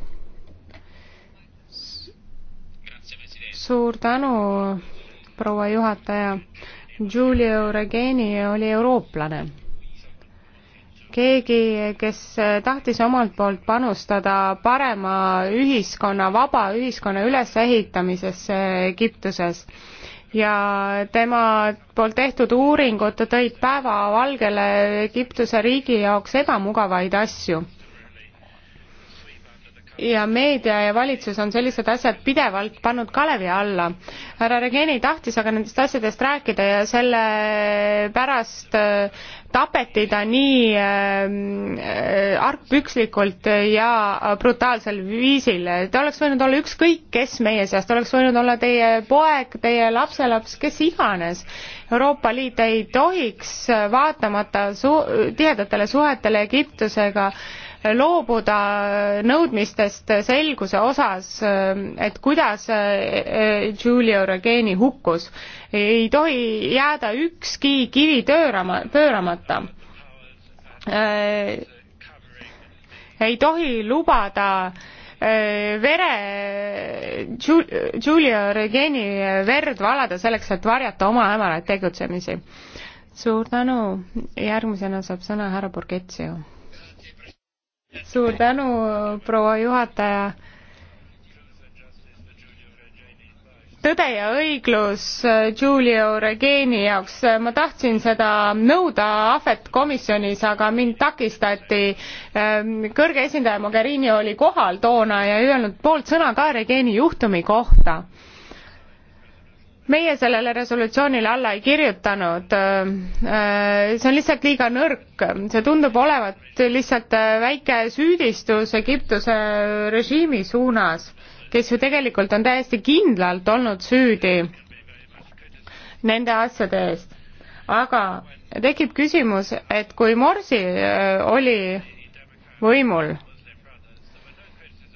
Speaker 1: suur tänu, proua juhataja. Giulio Regeni oli eurooplane keegi, kes tahtis omalt poolt panustada parema ühiskonna, vaba ühiskonna ülesehitamisesse Egiptuses ja tema poolt tehtud uuringud tõid päevavalgele Egiptuse riigi jaoks ebamugavaid asju ja meedia ja valitsus on sellised asjad pidevalt pannud kalevi alla. härra Regeni tahtis aga nendest asjadest rääkida ja selle pärast äh, tapeti ta nii äh, argpükslikult ja brutaalsel viisil. ta oleks võinud olla ükskõik kes meie seast, oleks võinud olla teie poeg, teie lapselaps, kes iganes. Euroopa Liit ei tohiks äh, vaatamata su tihedatele suhetele Egiptusega äh, loobuda nõudmistest selguse osas, et kuidas eh, eh, Giulio Regeni hukkus. ei tohi jääda ükski kivi töörama, pööramata. Eh, ei tohi lubada vere, Giulio Regeni verd valada selleks, et varjata oma hämaraid tegutsemisi. suur tänu, järgmisena saab sõna härra Borgetsio suur tänu, proua juhataja. tõde ja õiglus äh, Giulio Regeni jaoks, ma tahtsin seda nõuda Ahvet komisjonis, aga mind takistati. Ähm, kõrge esindaja Mogherini oli kohal toona ja ei öelnud poolt sõna ka Regeni juhtumi kohta meie sellele resolutsioonile alla ei kirjutanud. Äh, see on lihtsalt liiga nõrk, see tundub olevat lihtsalt äh, väike süüdistus Egiptuse režiimi suunas, kes ju tegelikult on täiesti kindlalt olnud süüdi nende asjade eest. aga tekib küsimus, et kui Morsi äh, oli võimul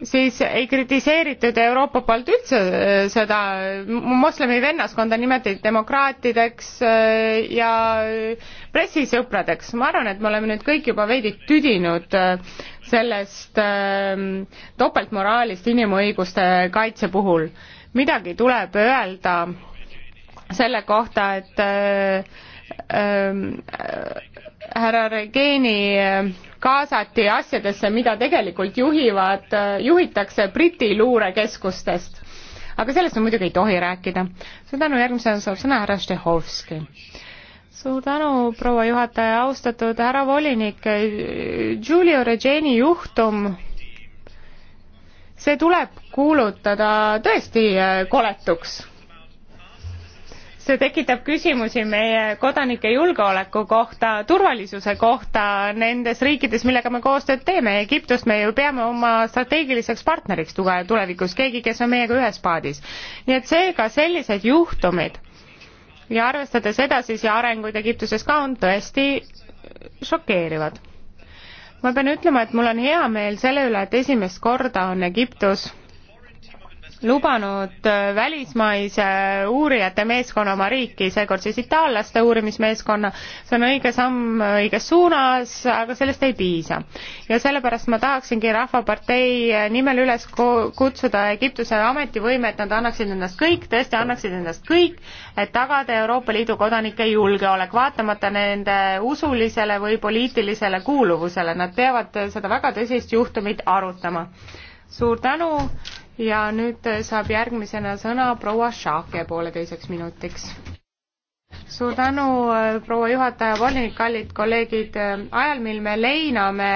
Speaker 1: siis ei kritiseeritud Euroopa poolt üldse äh, seda moslemi vennaskonda nimetati demokraatideks äh, ja äh, pressisõpradeks. ma arvan, et me oleme nüüd kõik juba veidi tüdinud sellest topeltmoraalist inimõiguste kaitse puhul. midagi tuleb öelda selle kohta, et härra Regeni kaasati asjadesse, mida tegelikult juhivad, juhitakse Briti luurekeskustest. aga sellest me muidugi ei tohi rääkida. suur tänu, järgmisena saab sõna härra Štehovski suur tänu, proua juhataja, austatud härra volinik, Giulio Regeni juhtum, see tuleb kuulutada tõesti koletuks see tekitab küsimusi meie kodanike julgeoleku kohta, turvalisuse kohta nendes riikides, millega me koostööd teeme. Egiptust me ju peame oma strateegiliseks partneriks tuge-, tulevikus, keegi, kes on meiega ühes paadis. nii et seega sellised juhtumid ja arvestades edasisi arenguid Egiptuses ka, on tõesti šokeerivad. ma pean ütlema, et mul on hea meel selle üle, et esimest korda on Egiptus lubanud äh, välismaise uurijate meeskonna oma riiki, seekord siis itaallaste uurimismeeskonna. see on õige samm õiges suunas, aga sellest ei piisa. ja sellepärast ma tahaksingi Rahvapartei äh, nimel üles kutsuda Egiptuse ametivõime, et nad annaksid endast kõik, tõesti annaksid endast kõik, et tagada Euroopa Liidu kodanike julgeolek, vaatamata nende usulisele või poliitilisele kuuluvusele. Nad peavad äh, seda väga tõsist juhtumit arutama. suur tänu ja nüüd äh, saab järgmisena sõna proua Šake pooleteiseks minutiks. suur tänu, äh, proua juhataja, volinik, kallid kolleegid, äh, ajal, mil me leiname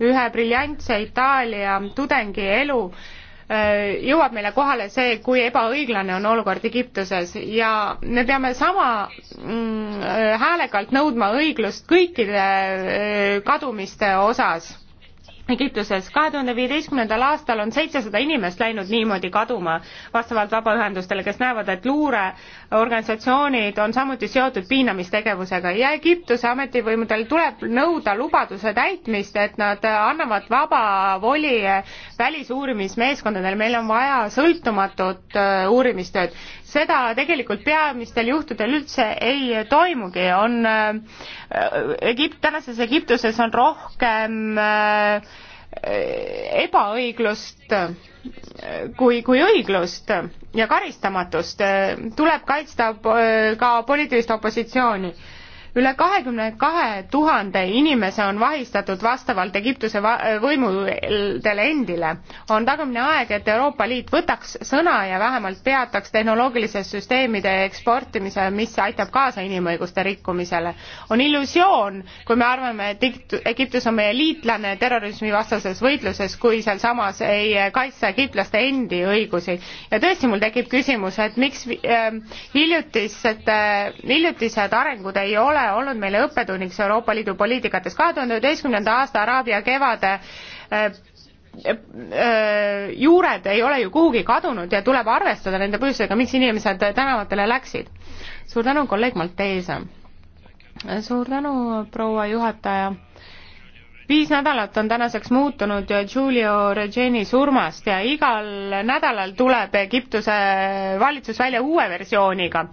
Speaker 1: ühe briljantse Itaalia tudengi elu, jõuab meile kohale see, kui ebaõiglane on olukord Egiptuses ja me peame sama mm, häälekalt nõudma õiglust kõikide kadumiste osas Egiptuses. kahe tuhande viieteistkümnendal aastal on seitsesada inimest läinud niimoodi kaduma, vastavalt vabaühendustele, kes näevad, et luureorganisatsioonid on samuti seotud piinamistegevusega ja Egiptuse ametivõimudel tuleb nõuda lubaduse täitmist, et nad annavad vaba voli välisuurimismeeskondadele, meil on vaja sõltumatut äh, uurimistööd seda tegelikult peamistel juhtudel üldse ei toimugi, on äh, Egipt, tänases Egiptuses on rohkem äh, ebaõiglust äh, kui, kui õiglust ja karistamatust, tuleb kaitsta ka poliitilist opositsiooni üle kahekümne kahe tuhande inimese on vahistatud vastavalt Egiptuse võimudele endile. on tagumine aeg, et Euroopa Liit võtaks sõna ja vähemalt peataks tehnoloogiliste süsteemide eksportimise, mis aitab kaasa inimõiguste rikkumisele. on illusioon, kui me arvame, et Egiptus on meie liitlane terrorismivastases võitluses, kui sealsamas ei kaitsta egiptlaste endi õigusi. ja tõesti, mul tekib küsimus, et miks ähm, hiljutised, äh, hiljutised arengud ei ole ole olnud meile õppetunniks Euroopa Liidu poliitikates. kahe tuhande üheteistkümnenda aasta Araabia kevade äh, äh, äh, juured ei ole ju kuhugi kadunud ja tuleb arvestada nende põhjustega, miks inimesed tänavatele läksid. suur tänu, kolleeg Maltese. suur tänu, proua juhataja. viis nädalat on tänaseks muutunud Giulio Regeni surmast ja igal nädalal tuleb Egiptuse valitsus välja uue versiooniga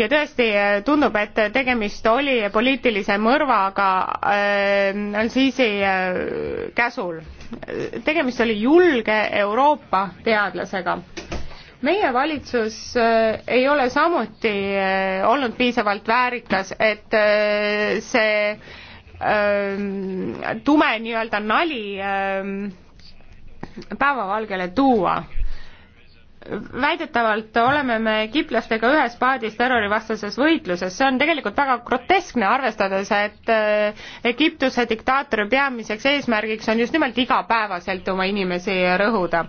Speaker 1: ja tõesti tundub, et tegemist oli poliitilise mõrvaga äh, Al-Sisi äh, käsul. tegemist oli julge Euroopa teadlasega. meie valitsus äh, ei ole samuti äh, olnud piisavalt väärikas, et äh, see äh, tume nii-öelda nali äh, päevavalgele tuua väidetavalt oleme me kiplastega ühes paadis terrorivastases võitluses, see on tegelikult väga groteskne, arvestades, et äh, Egiptuse diktaatori peamiseks eesmärgiks on just nimelt igapäevaselt oma inimesi rõhuda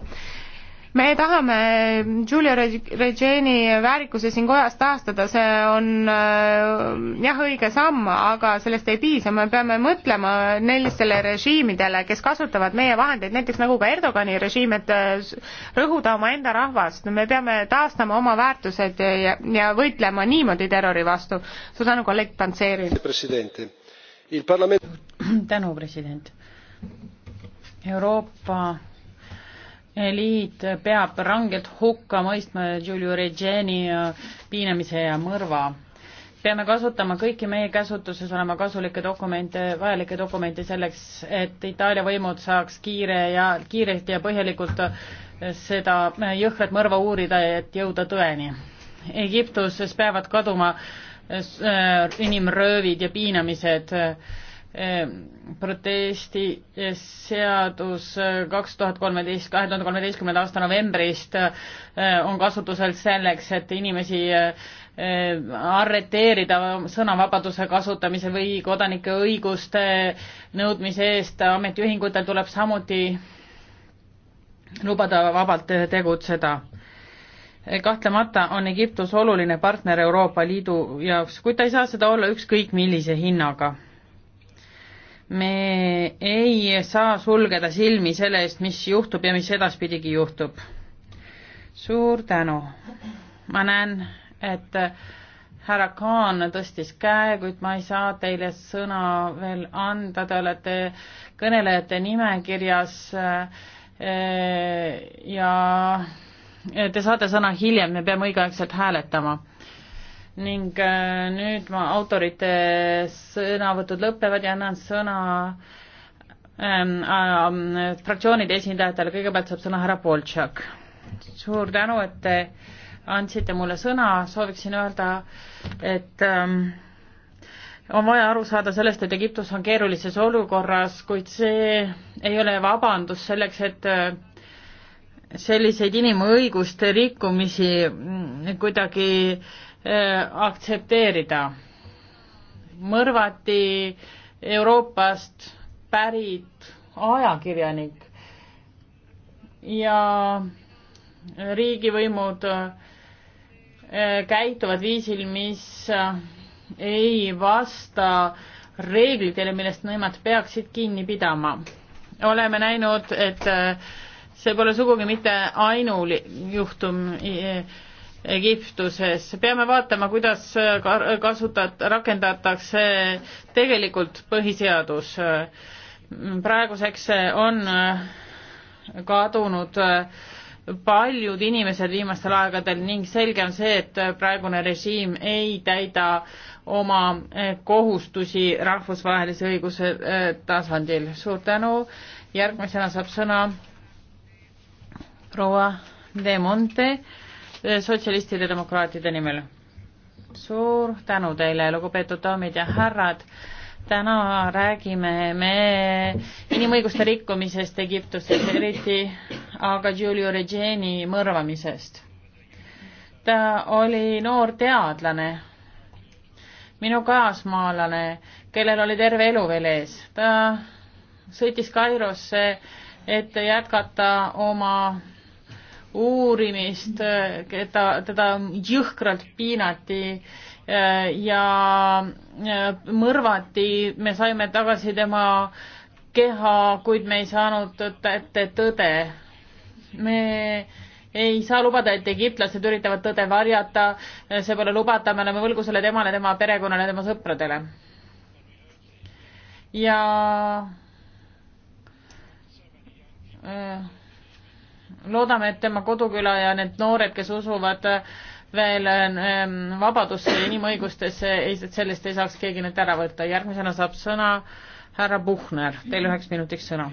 Speaker 1: me tahame Julia Regeni väärikuse siin kojas taastada, see on äh, jah, õige samm, aga sellest ei piisa, me peame mõtlema sellistele režiimidele, kes kasutavad meie vahendeid, näiteks nagu ka Erdogani režiim, et äh, rõhuda omaenda rahvast, me peame taastama oma väärtused ja, ja võitlema niimoodi
Speaker 2: terrori vastu. suur tänu, kolleeg Pantseeri. tänu, president. Euroopa liit peab rangelt hukka mõistma Giulio Regeni äh, piinamise ja mõrva. peame kasutama kõiki meie käsutuses olema kasulikke dokumente, vajalikke dokumente selleks, et Itaalia võimud saaks kiire ja, kiirelt ja põhjalikult äh, seda äh, jõhkrat mõrva uurida, et jõuda tõeni. Egiptuses peavad kaduma inimröövid ja piinamised Ehm, protesti eh, seadus eh, kaks tuhat kolmeteist, kahe tuhande kolmeteistkümnenda aasta novembrist eh, on kasutusel selleks, et inimesi arreteerida sõnavabaduse kasutamise või kodanike õiguste nõudmise eest, ametiühingutel tuleb samuti lubada vabalt tegutseda. kahtlemata on Egiptus oluline partner Euroopa Liidu jaoks, kuid ta ei saa seda olla ükskõik millise hinnaga me ei saa sulgeda silmi selle eest, mis juhtub ja mis edaspidigi juhtub. suur tänu. ma näen, et härra Kaan tõstis käe, kuid ma ei saa teile sõna veel anda, te olete kõnelejate nimekirjas eh, ja te saate sõna hiljem, me peame õigeaegselt hääletama ning äh, nüüd ma autorite sõnavõtud lõpevad ja annan sõna ähm, äh, fraktsioonide esindajatele, kõigepealt saab sõna härra Boltšak. suur tänu, et te andsite mulle sõna, sooviksin öelda, et ähm, on vaja aru saada sellest, et Egiptus on keerulises olukorras, kuid see ei ole vabandus selleks, et äh, selliseid inimõiguste rikkumisi kuidagi äh, Äh, aktsepteerida. mõrvati Euroopast pärit ajakirjanik ja riigivõimud äh, käituvad viisil, mis äh, ei vasta reeglitele, millest nemad peaksid kinni pidama. oleme näinud, et see pole sugugi mitte ainujuhtum Egiptuses, peame vaatama, kuidas kasutat-, rakendatakse tegelikult põhiseadus. praeguseks on kadunud paljud inimesed viimastel aegadel ning selge on see, et praegune režiim ei täida oma kohustusi rahvusvahelise õiguse äh, tasandil. suur tänu, järgmisena saab sõna proua De Monte Eh, sotsialistide ja demokraatide nimel. suur tänu teile, lugupeetud daamid ja härrad. täna räägime me inimõiguste rikkumisest Egiptuses, eriti aga Giulio Regeni mõrvamisest. ta oli noor teadlane, minu kaasmaalane, kellel oli terve elu veel ees. ta sõitis Kairosse, et jätkata oma uurimist, keda, teda jõhkralt piinati eh, ja eh, mõrvati, me saime tagasi tema keha, kuid me ei saanud kätte tõde. me ei saa lubada, et egiptlased üritavad tõde varjata, see pole lubatav, me oleme võlgu selle temale, tema perekonnale, tema sõpradele. ja äh, loodame, et tema koduküla ja need noored, kes usuvad veel ehm, vabadusse ja inimõigustesse, et sellest ei saaks keegi neilt ära võtta. järgmisena saab sõna härra Puhner, teil üheks minutiks
Speaker 4: sõna.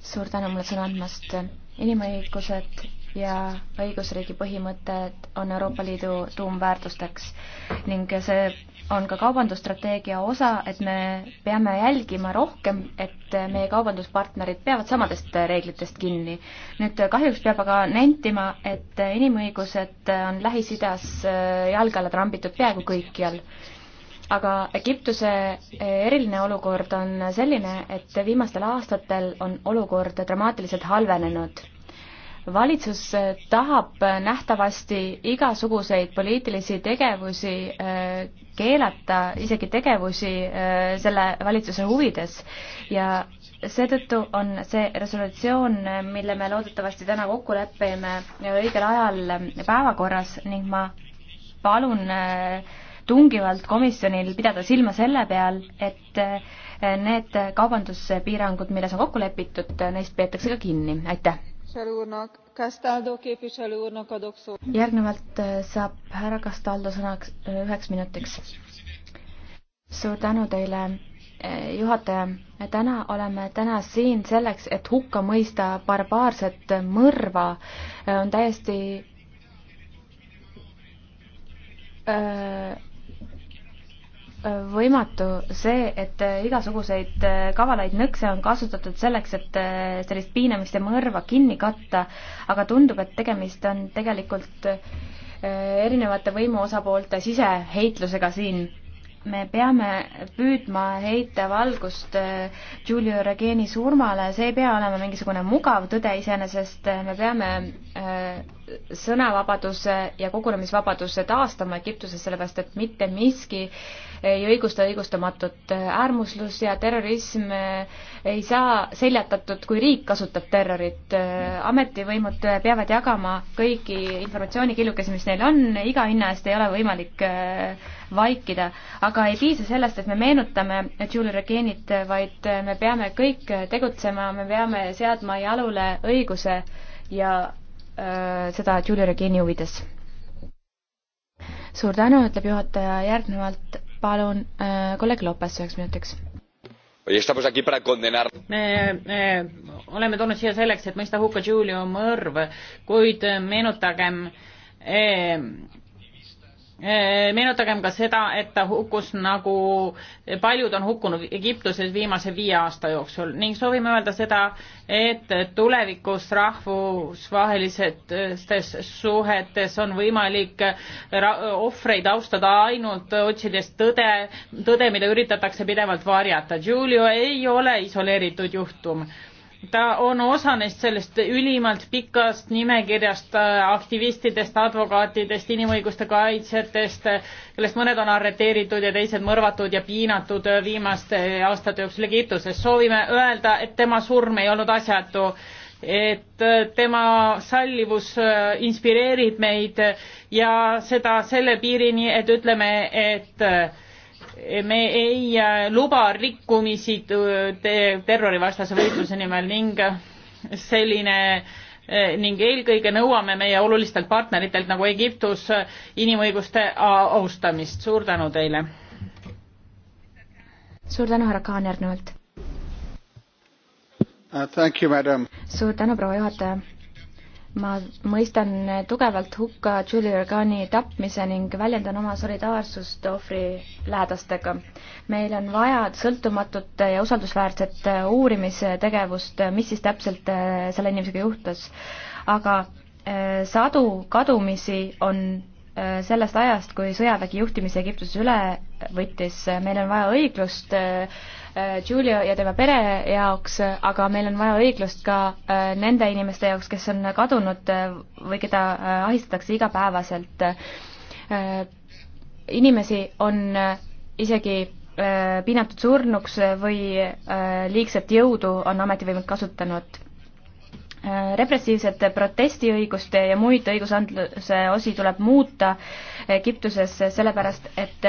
Speaker 4: suur tänu mulle sõna andmast. inimõigused ja õigusriigi põhimõtted on Euroopa Liidu tuumväärtusteks ning see on ka kaubandusstrateegia osa, et me peame jälgima rohkem, et meie kaubanduspartnerid peavad samadest reeglitest kinni. nüüd kahjuks peab aga nentima, et inimõigused on Lähis-Idas äh, jalge alla trambitud peaaegu kõikjal. aga Egiptuse äh, eriline olukord on selline, et viimastel aastatel on olukord dramaatiliselt halvenenud valitsus tahab nähtavasti igasuguseid poliitilisi tegevusi äh, keelata, isegi tegevusi äh, selle valitsuse huvides ja seetõttu on see resolutsioon, mille me loodetavasti täna kokku lepime, õigel ajal päevakorras ning ma palun äh, tungivalt komisjonil pidada silma selle peal, et need kaubanduspiirangud, milles on kokku lepitud, neist peetakse ka kinni, aitäh!
Speaker 1: järgnevalt
Speaker 4: eh, saab härra Castaldo sõnaks eh, üheks minutiks. suur tänu teile, eh, juhataja. täna oleme täna siin selleks, et hukka mõista barbaarset mõrva. on täiesti öö, võimatu see, et igasuguseid äh, kavalaid nõkse on kasutatud selleks, et äh, sellist piinamist ja mõrva kinni katta, aga tundub, et tegemist on tegelikult äh, erinevate võimu osapoolte siseheitlusega siin me peame püüdma heita valgust äh, Giulio Regeni surmale, see ei pea olema mingisugune mugav tõde iseenesest, me peame äh, sõnavabaduse ja kogunemisvabaduse taastama Egiptuses, sellepärast et mitte miski ei õigusta õigustamatut. äärmuslus ja terrorism äh, ei saa seljatatud, kui riik kasutab terrorit. ametivõimud peavad jagama kõiki informatsioonikillukesi, mis neil on, iga hinna eest ei ole võimalik vaikida. aga ei piisa sellest, et me meenutame Julie Regenit, vaid me peame kõik tegutsema, me peame seadma jalule õiguse ja öö, seda Julie Regeni huvides. suur tänu, ütleb juhataja, järgnevalt palun kolleeg Lopes üheks minutiks me oleme tulnud siia selleks et mõista hukka Giulio mõrv
Speaker 2: kuid meenutagem ehm, Äh, meenutagem ka seda, et ta hukkus nagu paljud on hukkunud Egiptuses viimase viie aasta jooksul ning soovime öelda seda, et tulevikus rahvusvahelistes suhetes on võimalik ohvreid austada ainult otsides tõde, tõde, mida üritatakse pidevalt varjata. Giulio ei ole isoleeritud juhtum ta on osa neist sellest ülimalt pikast nimekirjast äh, aktivistidest, advokaatidest, inimõiguste kaitsjatest, kellest mõned on arreteeritud ja teised mõrvatud ja piinatud äh, viimaste aastate jooksul Egiptuses. soovime öelda, et tema surm ei olnud asjatu, et äh, tema sallivus inspireerib meid ja seda selle piirini, et ütleme, et me ei äh, luba rikkumisi äh, terrorivastase võitluse nimel ning äh, selline ning eelkõige nõuame meie olulistelt partneritelt nagu Egiptus inimõiguste austamist. suur tänu teile.
Speaker 4: suur tänu, härra Kaan järgnevalt
Speaker 3: uh,.
Speaker 4: suur tänu, proua juhataja ma mõistan tugevalt hukka Julie Organi tapmise ning väljendan oma solidaarsust ohvri lähedastega. meil on vaja sõltumatut ja usaldusväärset äh, uurimistegevust, äh, mis siis täpselt äh, selle inimesega juhtus. aga sadu kadumisi on sellest ajast, kui sõjavägi juhtimise Egiptuses üle võttis, meil on vaja õiglust Giulio äh, ja tema pere jaoks, aga meil on vaja õiglust ka äh, nende inimeste jaoks, kes on kadunud äh, või keda ahistatakse igapäevaselt. inimesi on isegi piinatud surnuks või liigset jõudu on ametivõimud kasutanud repressiivsete protestiõiguste ja muid õigusandluse osi tuleb muuta Egiptuses sellepärast, et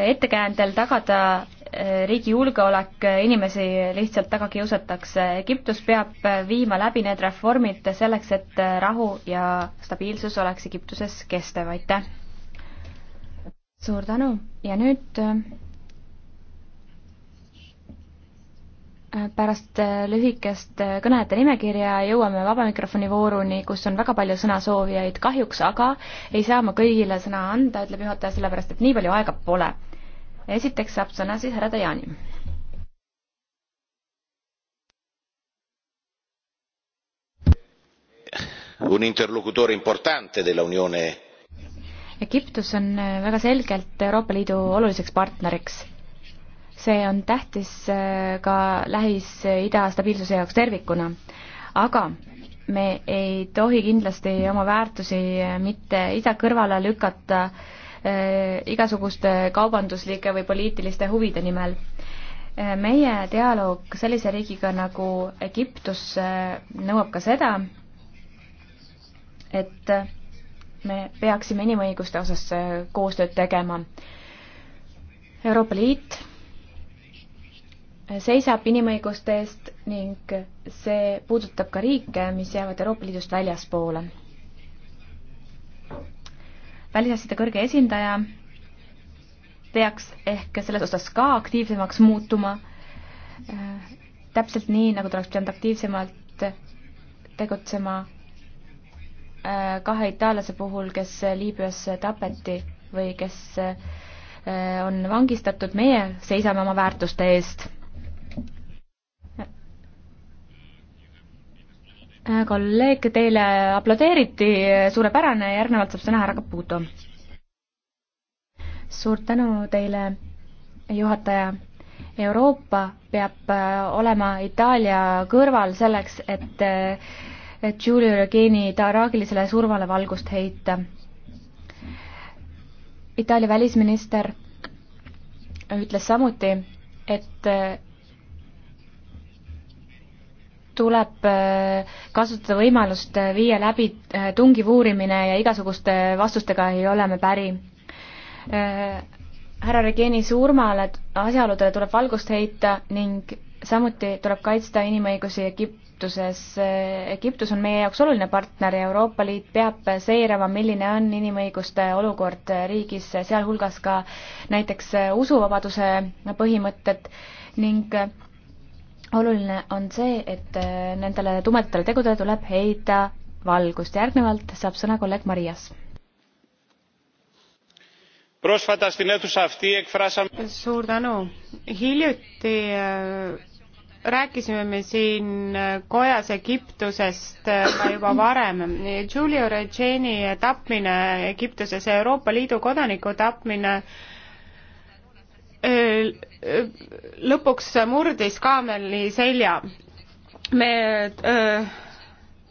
Speaker 4: ettekäändel tagada eh, riigi julgeolek, eh, inimesi lihtsalt taga kiusatakse. Egiptus peab eh, viima läbi need reformid selleks, et rahu ja stabiilsus oleks Egiptuses kestev, aitäh! suur tänu ja nüüd Äh, pärast äh, lühikest äh, kõnede nimekirja jõuame vaba mikrofoni vooruni, kus on väga palju sõnasoovijaid, kahjuks aga ei saa ma kõigile sõna anda, ütleb juhataja, sellepärast et nii palju aega pole. esiteks saab sõna siis härra Dajani.
Speaker 3: Un interlocutore importante della Unione.
Speaker 4: Egiptus on väga selgelt Euroopa Liidu oluliseks partneriks see on tähtis äh, ka Lähis-Ida stabiilsuse jaoks tervikuna. aga me ei tohi kindlasti oma väärtusi äh, mitte ise kõrvale lükata äh, igasuguste kaubanduslike või poliitiliste huvide nimel meie dialoog sellise riigiga nagu Egiptus nõuab ka seda, et me peaksime inimõiguste osas koostööd tegema. Euroopa Liit seisab inimõiguste eest ning see puudutab ka riike, mis jäävad Euroopa Liidust väljaspoole. välisasjade kõrge esindaja peaks ehk selles osas ka aktiivsemaks muutuma, täpselt nii, nagu ta oleks pidanud aktiivsemalt tegutsema kahe itaallase puhul, kes Liibüas tapeti või kes eh, on vangistatud, meie seisame oma väärtuste eest Äh, kolleeg, teile aplodeeriti, äh, suurepärane, järgnevalt saab sõna härra Caputo. suur tänu teile, juhataja. Euroopa peab äh, olema Itaalia kõrval selleks, et Giulio Regini traagilisele surmale valgust heita. Itaalia välisminister ütles samuti, et tuleb äh, kasutada võimalust äh, viia läbi äh, tungiv uurimine ja igasuguste vastustega ei ole me päri. härra Regeni surmale asjaoludele tuleb valgust heita ning samuti tuleb kaitsta inimõigusi Egiptuses. Egiptus on meie jaoks oluline partner ja Euroopa Liit peab seirama, milline on inimõiguste olukord riigis, sealhulgas ka näiteks usuvabaduse põhimõtted ning äh, oluline on see, et äh, nendele tumedatele tegudele tuleb heita valgust. järgnevalt saab sõna kolleeg Marias. suur tänu. hiljuti äh,
Speaker 1: rääkisime me siin äh, kojas Egiptusest ka juba varem. Giulio Regeni tapmine Egiptuses, Euroopa Liidu kodaniku tapmine äh, lõpuks murdis kaameli selja. me öö,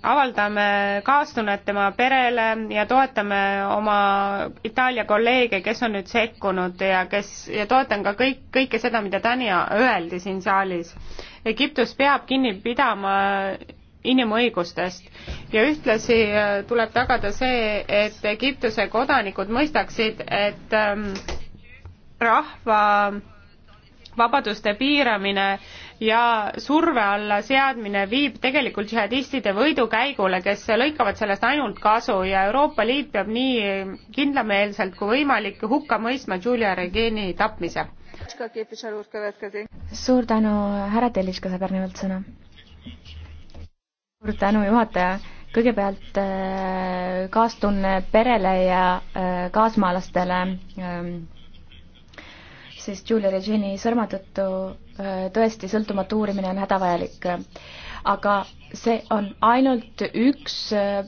Speaker 1: avaldame kaastunnet tema perele ja toetame oma Itaalia kolleege, kes on nüüd sekkunud ja kes, ja toetan ka kõik, kõike seda, mida Tanja öeldi siin saalis. Egiptus peab kinni pidama inimõigustest ja ühtlasi tuleb tagada see, et Egiptuse kodanikud mõistaksid, et ähm, rahva vabaduste piiramine ja surve alla seadmine viib tegelikult džihadistide võidukäigule, kes lõikavad sellest ainult kasu ja Euroopa Liit peab nii kindlameelselt kui võimalik hukka mõistma Julia Regeni tapmise.
Speaker 4: suur tänu, härra Telliska saab järgnevalt sõna. suur tänu, juhataja kõigepealt äh, kaastunne perele ja äh, kaasmaalastele ähm, siis Julia Regini surma tõttu äh, tõesti sõltumatu uurimine on hädavajalik. aga see on ainult üks äh,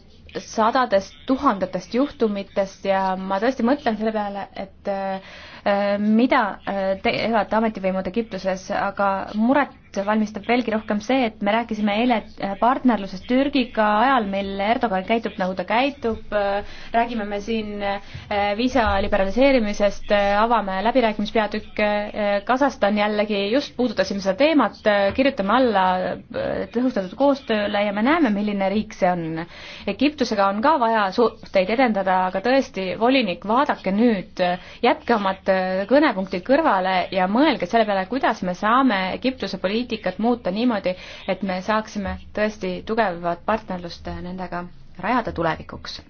Speaker 4: sadadest tuhandetest juhtumitest ja ma tõesti mõtlen selle peale, et äh, Äh, mida äh, teevad ametivõimud Egiptuses, aga muret valmistab veelgi rohkem see, et me rääkisime eile äh, partnerlusest Türgiga ajal, mil Erdogan käitub, nagu ta käitub, räägime me siin viisa liberaliseerimisest, avame läbirääkimispeatükk, Kasahstan jällegi, just puudutasime seda teemat, kirjutame alla tõhustatud koostööle ja me näeme, milline riik see on. Egiptusega on ka vaja suhteid edendada, aga tõesti, volinik, vaadake nüüd, jätke omad kõnepunkti kõrvale ja mõelge selle peale, kuidas me saame Egiptuse poliitikat muuta niimoodi, et me saaksime tõesti tugevat partnerlust nendega rajada tulevikuks.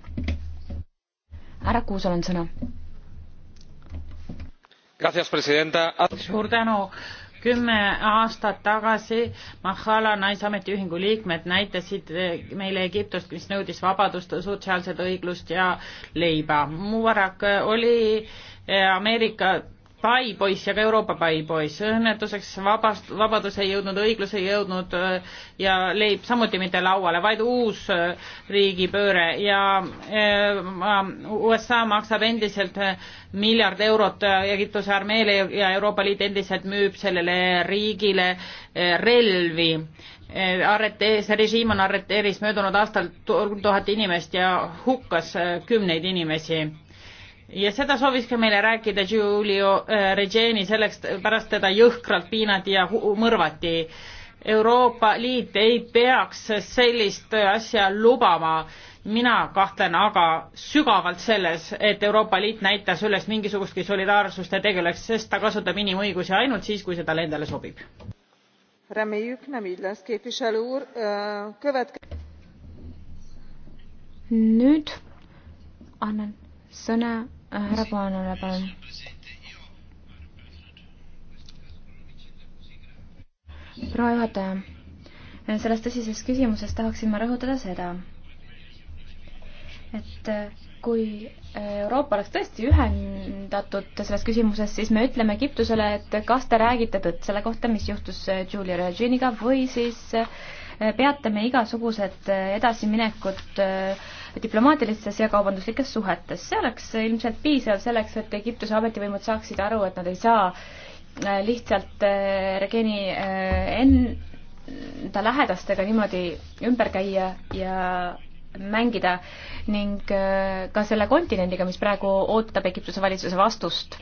Speaker 4: härra Kuusal on sõna.
Speaker 3: suur tänu kümme aastat
Speaker 2: tagasi Mahala naisametiühingu liikmed näitasid meile Egiptust, mis nõudis vabadust, sotsiaalset õiglust ja leiba. Mubarak oli äh, Äh, Ameerika paipoiss ja ka Euroopa paipoiss. õnnetuseks vabast, vabadus ei jõudnud, õiglus ei jõudnud äh, ja leib samuti mitte lauale, vaid uus äh, riigipööre ja USA maksab endiselt miljard eurot Egiptuse armeele ja Euroopa Liit endiselt müüb sellele riigile relvi arrete-, see režiim on arreteeris möödunud aastal tuhat inimest ja hukkas kümneid inimesi ja seda soovis ka meile rääkida Giulio äh, Regeni, selleks pärast teda jõhkralt piinati ja mõrvati. Euroopa Liit ei peaks sellist asja lubama. mina kahtlen aga sügavalt selles, et Euroopa Liit näitas üles mingisugustki solidaarsust ja tegeleks, sest ta kasutab inimõigusi ainult siis, kui see talle endale sobib.
Speaker 4: nüüd annan sõna äh, härra Paanole, palun. proua juhataja, selles tõsises küsimuses tahaksin ma rõhutada seda, et äh, kui äh, Euroopa oleks tõesti ühendatud selles küsimuses, siis me ütleme Egiptusele, et kas te räägite tõtt selle kohta, mis juhtus Julia Reginiga või siis peatame igasugused edasiminekud äh, diplomaatilistes ja kaubanduslikes suhetes. see oleks ilmselt piisav selleks, et Egiptuse ametivõimud saaksid aru, et nad ei saa äh, lihtsalt äh, Regeni äh, enda lähedastega niimoodi ümber käia ja mängida ning ka selle kontinendiga, mis praegu ootab Egiptuse valitsuse vastust.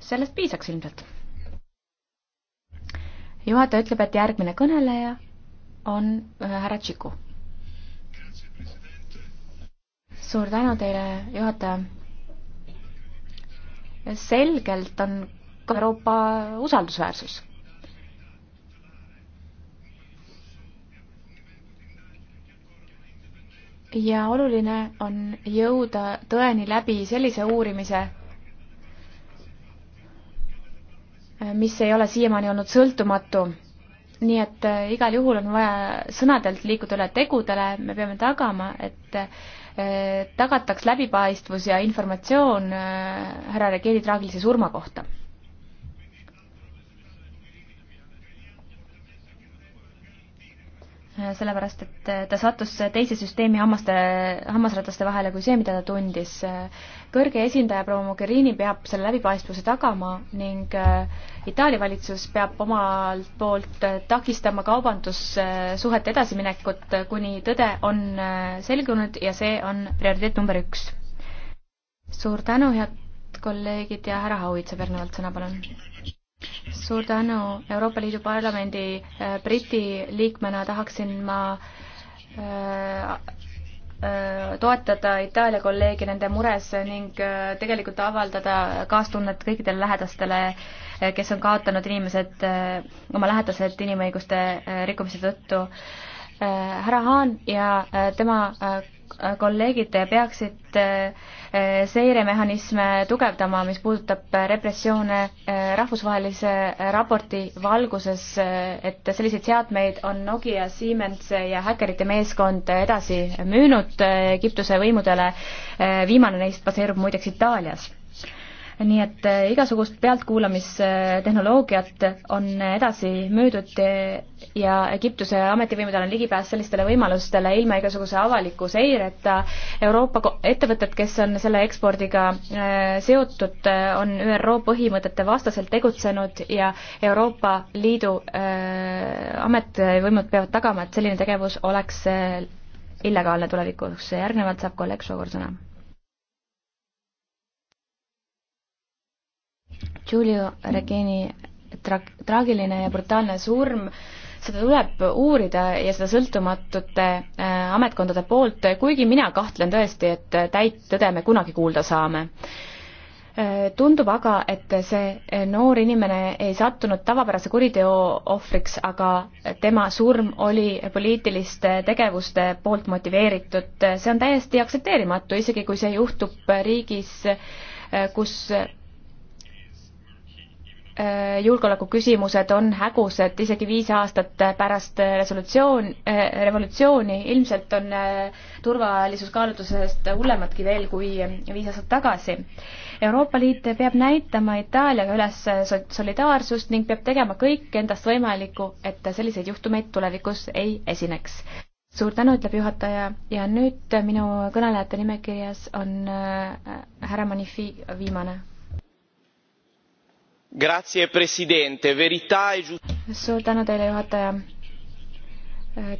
Speaker 4: sellest piisaks ilmselt. juhataja ütleb, et järgmine kõneleja on härra Tšiku suur tänu teile, juhataja. selgelt on ka Euroopa usaldusväärsus. ja oluline on jõuda tõeni läbi sellise uurimise, mis ei ole siiamaani olnud sõltumatu nii et eh, igal juhul on vaja sõnadelt liikuda üle tegudele, me peame tagama, et Äh, tagataks läbipaistvus ja informatsioon äh, härra Regeri traagilise surma kohta sellepärast et ta sattus teise süsteemi hammaste, hammasrataste vahele kui see, mida ta tundis. kõrge esindaja proua Mogherini peab selle läbipaistvuse tagama ning äh, Itaalia valitsus peab omalt poolt takistama kaubandussuhete edasiminekut, kuni tõde on äh, selgunud ja see on prioriteet number üks. suur tänu, head kolleegid ja härra Haavits saab järgnevalt sõna, palun suur tänu, Euroopa Liidu Parlamendi äh, Briti liikmena tahaksin ma äh, äh, toetada Itaalia kolleegi nende mures ning tegelikult avaldada kaastunnet kõikidele lähedastele, kes on kaotanud inimesed, oma lähedased inimõiguste rikkumise tõttu. härra Haan ja tema Äh, kolleegid, te peaksite äh, seiremehhanisme tugevdama, mis puudutab äh, repressioone rahvusvahelise raporti valguses, et selliseid seadmeid on Nokia, Siemens ja häkkerite meeskond edasi müünud Egiptuse võimudele. viimane neist baseerub muideks Itaalias nii et eh, igasugust pealtkuulamistehnoloogiat on edasi müüdud eh, ja Egiptuse ametivõimudel on ligipääs sellistele võimalustele ilma igasuguse avaliku seireta. Euroopa ettevõtted, kes on selle ekspordiga eh, seotud, on ÜRO põhimõtete vastaselt tegutsenud ja Euroopa Liidu ametivõimud peavad tagama, et selline tegevus oleks illegaalne tulevikus. järgnevalt saab kolleeg Šogor sõna Giulio Regeni tra-, traagiline ja brutaalne surm, seda tuleb uurida ja seda sõltumatute äh, ametkondade poolt, kuigi mina kahtlen tõesti, et täit tõde me kunagi kuulda saame. Äh, tundub aga, et see noor inimene ei sattunud tavapärase kuriteo ohvriks, aga tema surm oli poliitiliste tegevuste poolt motiveeritud. see on täiesti aktsepteerimatu, isegi kui see juhtub riigis, äh, kus Äh, julgeolekuküsimused on hägused isegi viis aastat pärast äh, resolutsioon, äh, revolutsiooni, ilmselt on turvalisuskaalutlusest hullematki veel kui viis aastat tagasi. Euroopa Liit peab näitama Itaaliaga üles solidaarsust ning peab tegema kõik endast võimalikku, et selliseid juhtumeid tulevikus ei esineks. suur tänu, ütleb juhataja ja nüüd minu kõnelejate nimekirjas on härra Manifi viimane E suur tänu teile, juhataja.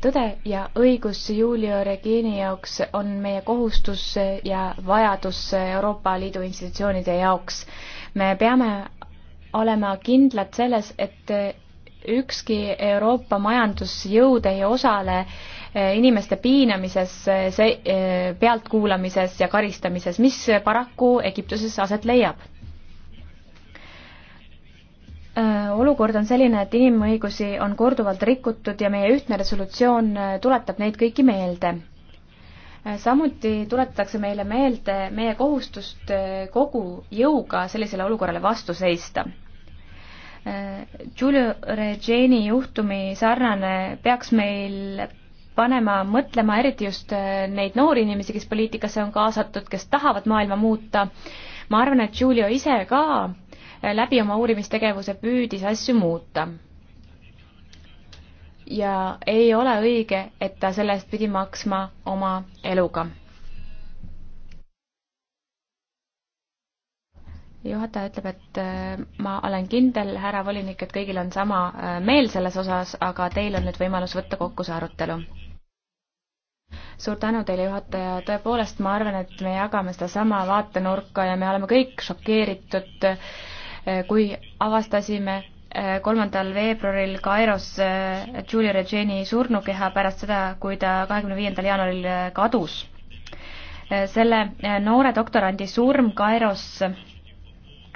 Speaker 4: tõde ja õigus Julio Regini jaoks on meie kohustus ja vajadus Euroopa Liidu institutsioonide jaoks. me peame olema kindlad selles, et ükski Euroopa majandusjõud ei osale inimeste piinamises, eh, pealtkuulamises ja karistamises, mis paraku Egiptuses aset leiab Äh, olukord on selline, et inimõigusi on korduvalt rikutud ja meie ühtne resolutsioon äh, tuletab neid kõiki meelde. Äh, samuti tuletatakse meile meelde meie kohustust kogu jõuga sellisele olukorrale vastu seista. Giulio Regeni juhtumi sarnane peaks meil panema mõtlema eriti just neid noori inimesi, kes poliitikasse on kaasatud, kes tahavad maailma muuta. ma arvan, et Giulio ise ka läbi oma uurimistegevuse püüdis asju muuta. ja ei ole õige, et ta selle eest pidi maksma oma eluga. juhataja ütleb, et äh, ma olen kindel, härra volinik, et kõigil on sama äh, meel selles osas, aga teil on nüüd võimalus võtta kokku see arutelu suur tänu teile, juhataja, tõepoolest ma arvan, et me jagame sedasama vaatenurka ja me oleme kõik šokeeritud äh, Eh, kui avastasime eh, kolmandal veebruaril Kairos Julia eh, Regeni surnukeha pärast seda, kui ta kahekümne viiendal jaanuaril kadus. selle noore doktorandi surm Kairos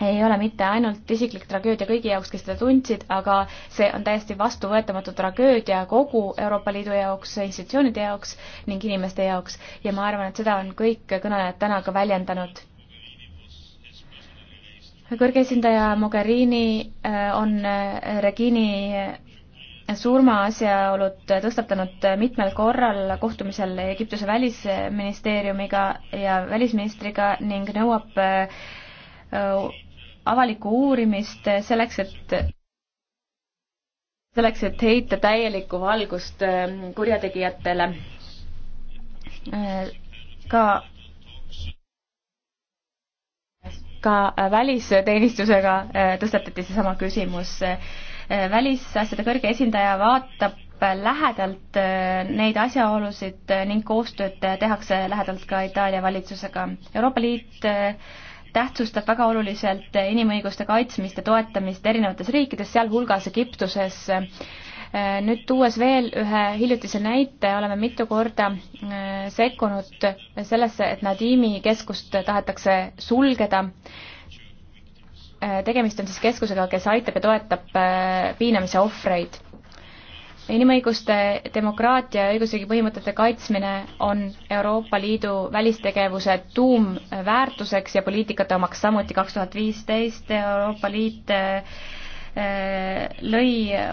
Speaker 4: ei ole mitte ainult isiklik tragöödia kõigi jaoks, kes seda tundsid, aga see on täiesti vastuvõetamatu tragöödia kogu Euroopa Liidu jaoks, institutsioonide jaoks ning inimeste jaoks ja ma arvan, et seda on kõik kõnelejad täna ka väljendanud kõrge esindaja Mogherini äh, on äh, Regini äh, surma asjaolud tõstatanud mitmel korral kohtumisel Egiptuse välisministeeriumiga ja välisministriga ning nõuab avalikku uurimist selleks, et selleks, et heita täielikku valgust kurjategijatele. ka ka välisteenistusega äh, tõstatati seesama küsimus. Äh, välisasjade kõrge esindaja vaatab lähedalt äh, neid asjaolusid ning koostööd tehakse lähedalt ka Itaalia valitsusega. Euroopa Liit tähtsustab väga oluliselt inimõiguste kaitsmist ja toetamist erinevates riikides, sealhulgas Egiptuses nüüd tuues veel ühe hiljutise näite, oleme mitu korda äh, sekkunud sellesse, et Nadimi keskust tahetakse sulgeda. Äh, tegemist on siis keskusega, kes aitab ja toetab äh, piinamise ohvreid inimõiguste, demokraatia ja õigusriigi põhimõtete kaitsmine on Euroopa Liidu välistegevuse tuumväärtuseks ja poliitikate omaks samuti kaks tuhat viisteist Euroopa Liit lõi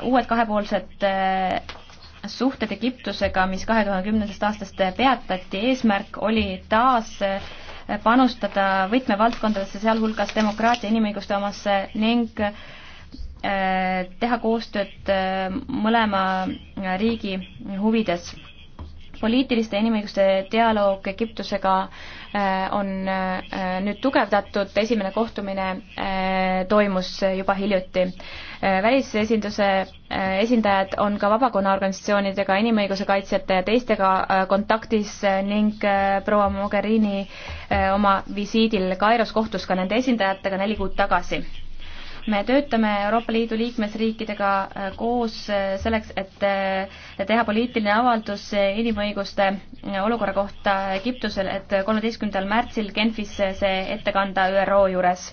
Speaker 4: uued kahepoolsed äh, suhted Egiptusega, mis kahe tuhande kümnendast aastast peatati, eesmärk oli taas äh, panustada võtmevaldkondadesse, sealhulgas demokraatia inimõiguste omasse ning äh, teha koostööd mõlema riigi huvides. poliitiliste inimõiguste dialoog Egiptusega äh, Äh, on äh, nüüd tugevdatud, esimene kohtumine äh, toimus juba hiljuti. välisesinduse esindajad on ka vabakonnaorganisatsioonidega, inimõiguse kaitsjate ja teistega kontaktis ning proua Mogherini oma visiidil Kairos kohtus ka nende esindajatega neli kuud tagasi me töötame Euroopa Liidu liikmesriikidega koos selleks, et teha poliitiline avaldus inimõiguste olukorra kohta Egiptusel, et kolmeteistkümnendal märtsil Genfis see ette kanda ÜRO juures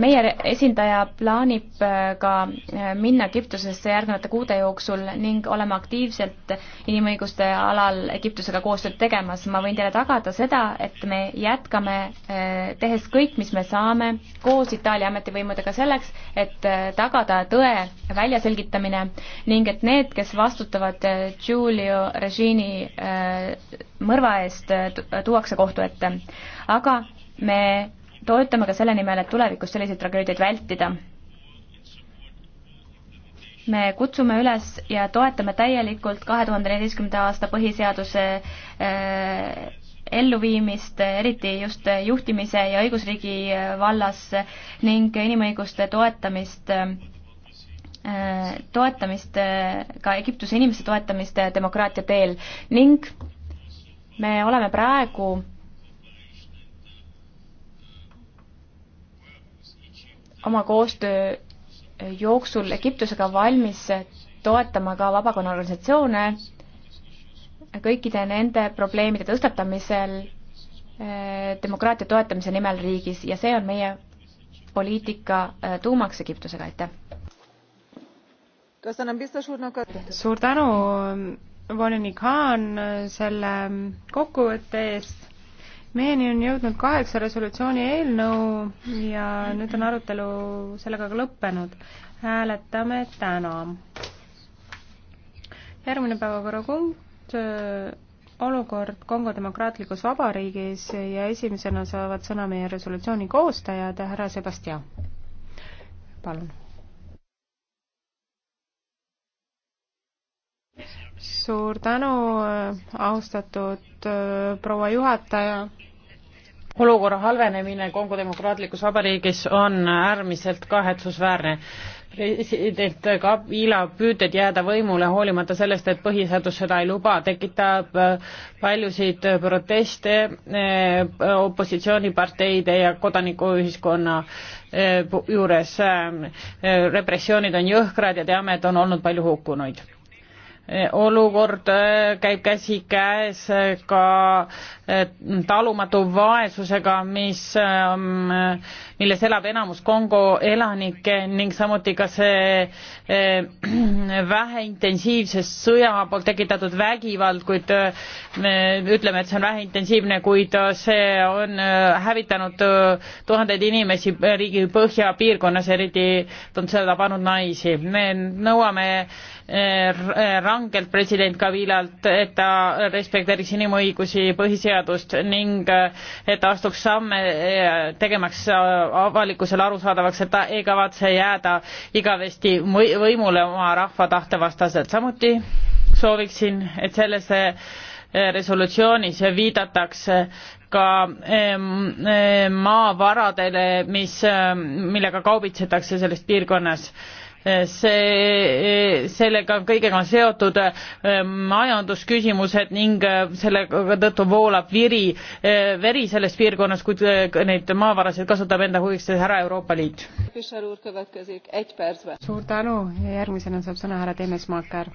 Speaker 4: meie esindaja plaanib äh, ka äh, minna Egiptusesse järgnevate kuude jooksul ning olema aktiivselt inimõiguste alal Egiptusega koostööd tegemas. ma võin teile tagada seda, et me jätkame äh, tehes kõik, mis me saame koos Itaalia ametivõimudega selleks, et tagada tõe väljaselgitamine ning et need, kes vastutavad Giulio režiimi mõrva eest, tuuakse kohtu ette. aga me toetame ka selle nimel, et tulevikus selliseid tragöödiaid vältida. me kutsume üles ja toetame täielikult kahe tuhande neljateistkümnenda aasta põhiseaduse äh, elluviimist, eriti just juhtimise ja õigusriigi äh, vallas ning inimõiguste toetamist äh, toetamist, äh, ka Egiptuse inimeste toetamist demokraatia teel ning me oleme praegu oma koostöö jooksul Egiptusega valmis toetama ka vabakonna organisatsioone kõikide nende probleemide tõstatamisel eh, demokraatia toetamise nimel riigis ja see on meie poliitika eh, tuumaks Egiptusega, aitäh! suur tänu, eh, volinik Haan,
Speaker 1: selle kokkuvõtte eest meieni on jõudnud kaheksa resolutsiooni eelnõu ja nüüd on arutelu sellega ka lõppenud. hääletame täna. järgmine päevakorrapunkt, olukord Kongo Demokraatlikus Vabariigis ja esimesena saavad sõna meie resolutsiooni koostajad, härra Sebastian. palun suur tänu, äh, austatud äh, proua juhataja
Speaker 2: olukorra halvenemine Kongo demokraatlikus vabariigis on äärmiselt kahetsusväärne. president Kabila püüded jääda võimule hoolimata sellest, et põhiseadus seda ei luba, tekitab äh, paljusid proteste opositsiooniparteide ja kodanikuühiskonna juures. repressioonid on jõhkrad ja teame, et on olnud palju hukkunuid olukord äh, käib käsikäes äh, ka äh, talumatu vaesusega, mis ähm, milles elab enamus Kongo elanikke ning samuti ka see eh, väheintensiivse sõja poolt tekitatud vägivald, kuid eh, me ütleme, et see on väheintensiivne, kuid eh, see on hävitanud tuhandeid inimesi riigi põhjapiirkonnas, eriti on seda pannud naisi. me nõuame rangelt president Kavilalt, et ta respekteeriks inimõigusi, põhiseadust ning et ta astuks samme tegemaks avalikkusele arusaadavaks, et ta ei kavatse jääda igavesti võimule oma rahva tahte vastaselt. samuti sooviksin, et selles eh, resolutsioonis viidatakse ka eh, maavaradele, mis, eh, millega kaubitsetakse selles piirkonnas see, sellega kõigega on seotud äh, majandusküsimused ning äh, selle tõttu voolab viri, äh, veri selles piirkonnas, kuid neid maavarasid kasutab enda huviks ära Euroopa Liit.
Speaker 3: suur tänu
Speaker 1: ja järgmisena saab sõna härra Temesmaaker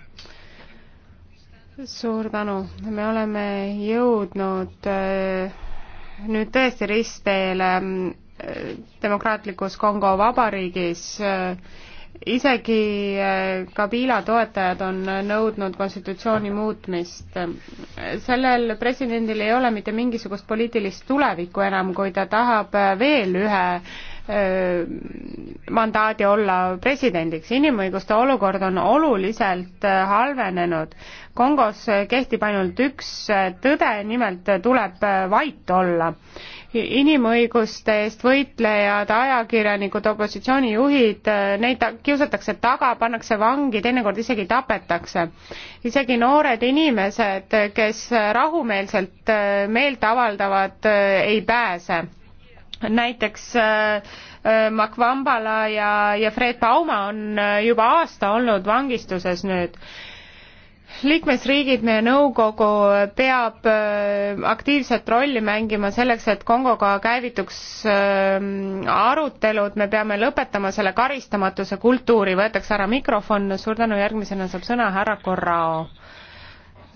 Speaker 1: suur tänu, me oleme jõudnud nüüd tõesti ristteele demokraatlikus Kongo vabariigis isegi äh, Kabila toetajad on nõudnud konstitutsiooni muutmist. sellel presidendil ei ole mitte mingisugust poliitilist tulevikku enam, kui ta tahab äh, veel ühe Äh, mandaadi olla presidendiks. inimõiguste olukord on oluliselt äh, halvenenud. Kongos äh, kehtib ainult üks tõde, nimelt tuleb vait olla. inimõiguste eest võitlejad, ajakirjanikud, opositsioonijuhid, neid ta kiusatakse taga, pannakse vangi, teinekord isegi tapetakse. isegi noored inimesed, kes rahumeelselt meelt avaldavad, ei pääse näiteks äh, äh, Mark Vambala ja, ja Fred Bauma on äh, juba aasta olnud vangistuses nüüd. liikmesriigid, meie nõukogu peab aktiivset rolli mängima selleks, et Kongoga käivituks arutelud, me peame lõpetama selle karistamatuse kultuuri, võetakse ära mikrofon, suur tänu, järgmisena saab sõna härra Corrao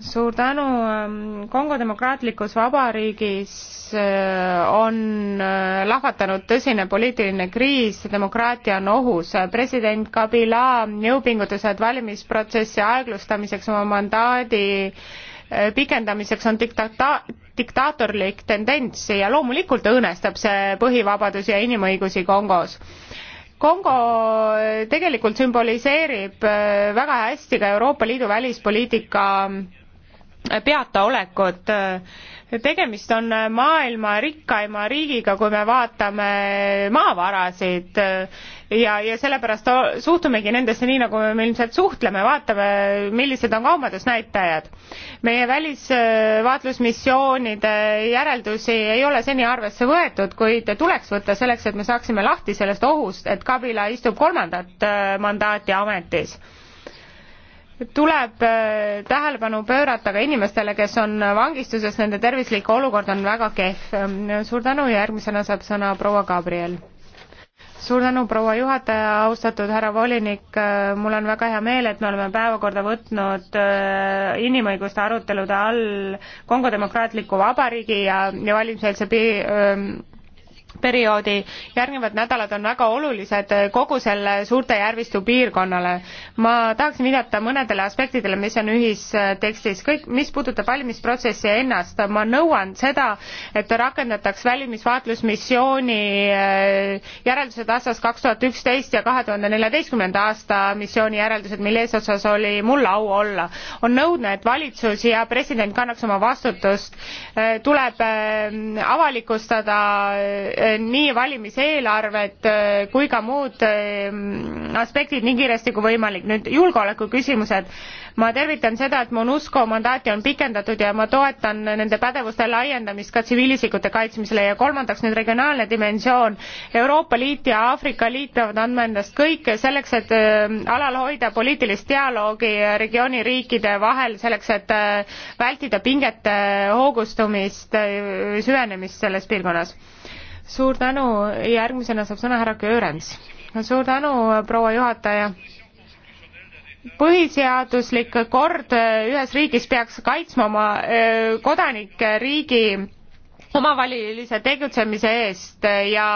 Speaker 1: suur tänu, ähm, Kongo demokraatlikus vabariigis äh, on äh, lahvatanud tõsine poliitiline kriis, demokraatia on ohus. president Kabila jõupingutused valimisprotsessi aeglustamiseks oma mandaadi äh, pikendamiseks on diktata-, diktaatorlik tendents ja loomulikult õõnestab see põhivabadusi ja inimõigusi Kongos Kongo tegelikult sümboliseerib väga hästi ka Euroopa Liidu välispoliitika peataolekut. tegemist on maailma rikkaima riigiga, kui me vaatame maavarasid ja, ja sellepärast suhtumegi nendesse nii, nagu me ilmselt suhtleme, vaatame, millised on kaubandusnäitajad. meie välisvaatlusmissioonide järeldusi ei ole seni arvesse võetud, kuid tuleks võtta selleks, et me saaksime lahti sellest ohust, et Kabila istub kolmandat äh, mandaati ametis tuleb äh, tähelepanu pöörata ka inimestele, kes on vangistuses, nende tervislik olukord on väga kehv. suur tänu ja järgmisena saab sõna proua Gabriel. suur tänu, proua juhataja, austatud härra volinik, äh, mul on väga hea meel, et me oleme päevakorda võtnud äh, inimõiguste arutelude all Kongo Demokraatliku Vabariigi ja, ja valimiseelse pi-, ähm, perioodi järgnevad nädalad on väga olulised eh, kogu selle suurte järvistu piirkonnale. ma tahaksin viidata mõnedele aspektidele, mis on ühistekstis. kõik, mis puudutab valimisprotsessi ennast, ma nõuan seda, et rakendataks välimisvaatlusmissiooni eh, järeldused aastast kaks tuhat üksteist ja kahe tuhande neljateistkümnenda aasta missiooni järeldused, mille eesotsas oli mul au olla. on nõudne, et valitsus ja president kannaks oma vastutust. Eh, tuleb avalikustada nii valimiseelarved äh, kui ka muud äh, aspektid nii kiiresti kui võimalik. nüüd julgeoleku küsimused. ma tervitan seda, et MONUSCO mandaati on pikendatud ja ma toetan nende pädevuste laiendamist ka tsiviilisikute kaitsmisele ja kolmandaks nüüd regionaalne dimensioon. Euroopa Liit ja Aafrika Liit peavad andma endast kõik selleks, et äh, alal hoida poliitilist dialoogi regiooni riikide vahel, selleks et vältida pingete hoogustumist, süvenemist selles piirkonnas suur tänu, järgmisena saab sõna härra Köörens. suur tänu, proua juhataja põhiseaduslik kord äh, ühes riigis peaks kaitsma oma äh, kodanike riigi omavalilise tegutsemise eest äh, ja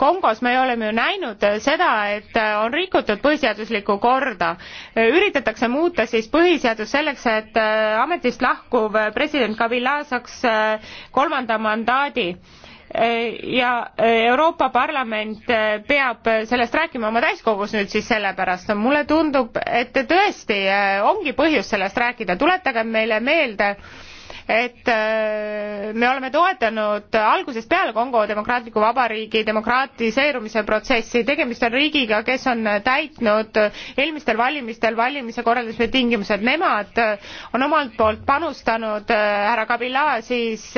Speaker 1: Kongos me oleme ju näinud seda, et on rikutud põhiseaduslikku korda. üritatakse muuta siis põhiseadust selleks, et ametist lahkuv president Kabila saaks kolmanda mandaadi ja Euroopa Parlament peab sellest rääkima oma täiskogus nüüd siis sellepärast. mulle tundub, et tõesti ongi põhjust sellest rääkida, tuletagem meile meelde, et äh, me oleme toetanud algusest peale Kongo Demokraatliku Vabariigi demokraatiseerumise protsessi. tegemist on riigiga, kes on täitnud eelmistel valimistel valimise korraldamise tingimused. Nemad äh, on omalt poolt panustanud äh, härra Kabila siis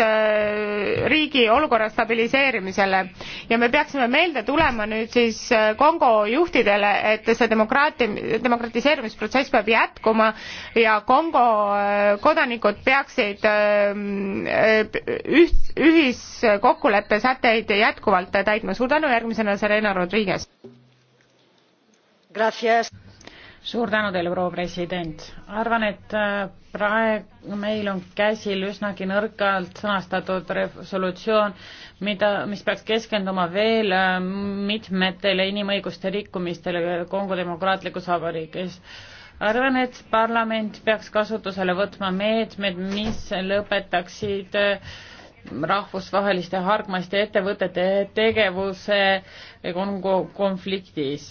Speaker 1: riigi olukorra stabiliseerimisele ja me peaksime meelde tulema nüüd siis Kongo juhtidele, et see demokraatia, demokratiseerimisprotsess peab jätkuma ja Kongo kodanikud peaksid Ähm, äh, üht, ühiskokkuleppe sätteid jätkuvalt täitma. suur tänu, järgmisena Serena Rodriguez.
Speaker 2: suur tänu teile, proua president. arvan, et äh, praegu meil on käsil üsnagi nõrgalt sõnastatud resolutsioon, mida, mis peaks keskenduma veel äh, mitmetele inimõiguste rikkumistele Kongo demokraatlikus vabariigis arvan, et parlament peaks kasutusele võtma meetmed, mis lõpetaksid äh, rahvusvaheliste hargmaiste ettevõtete tegevuse äh, konfliktis.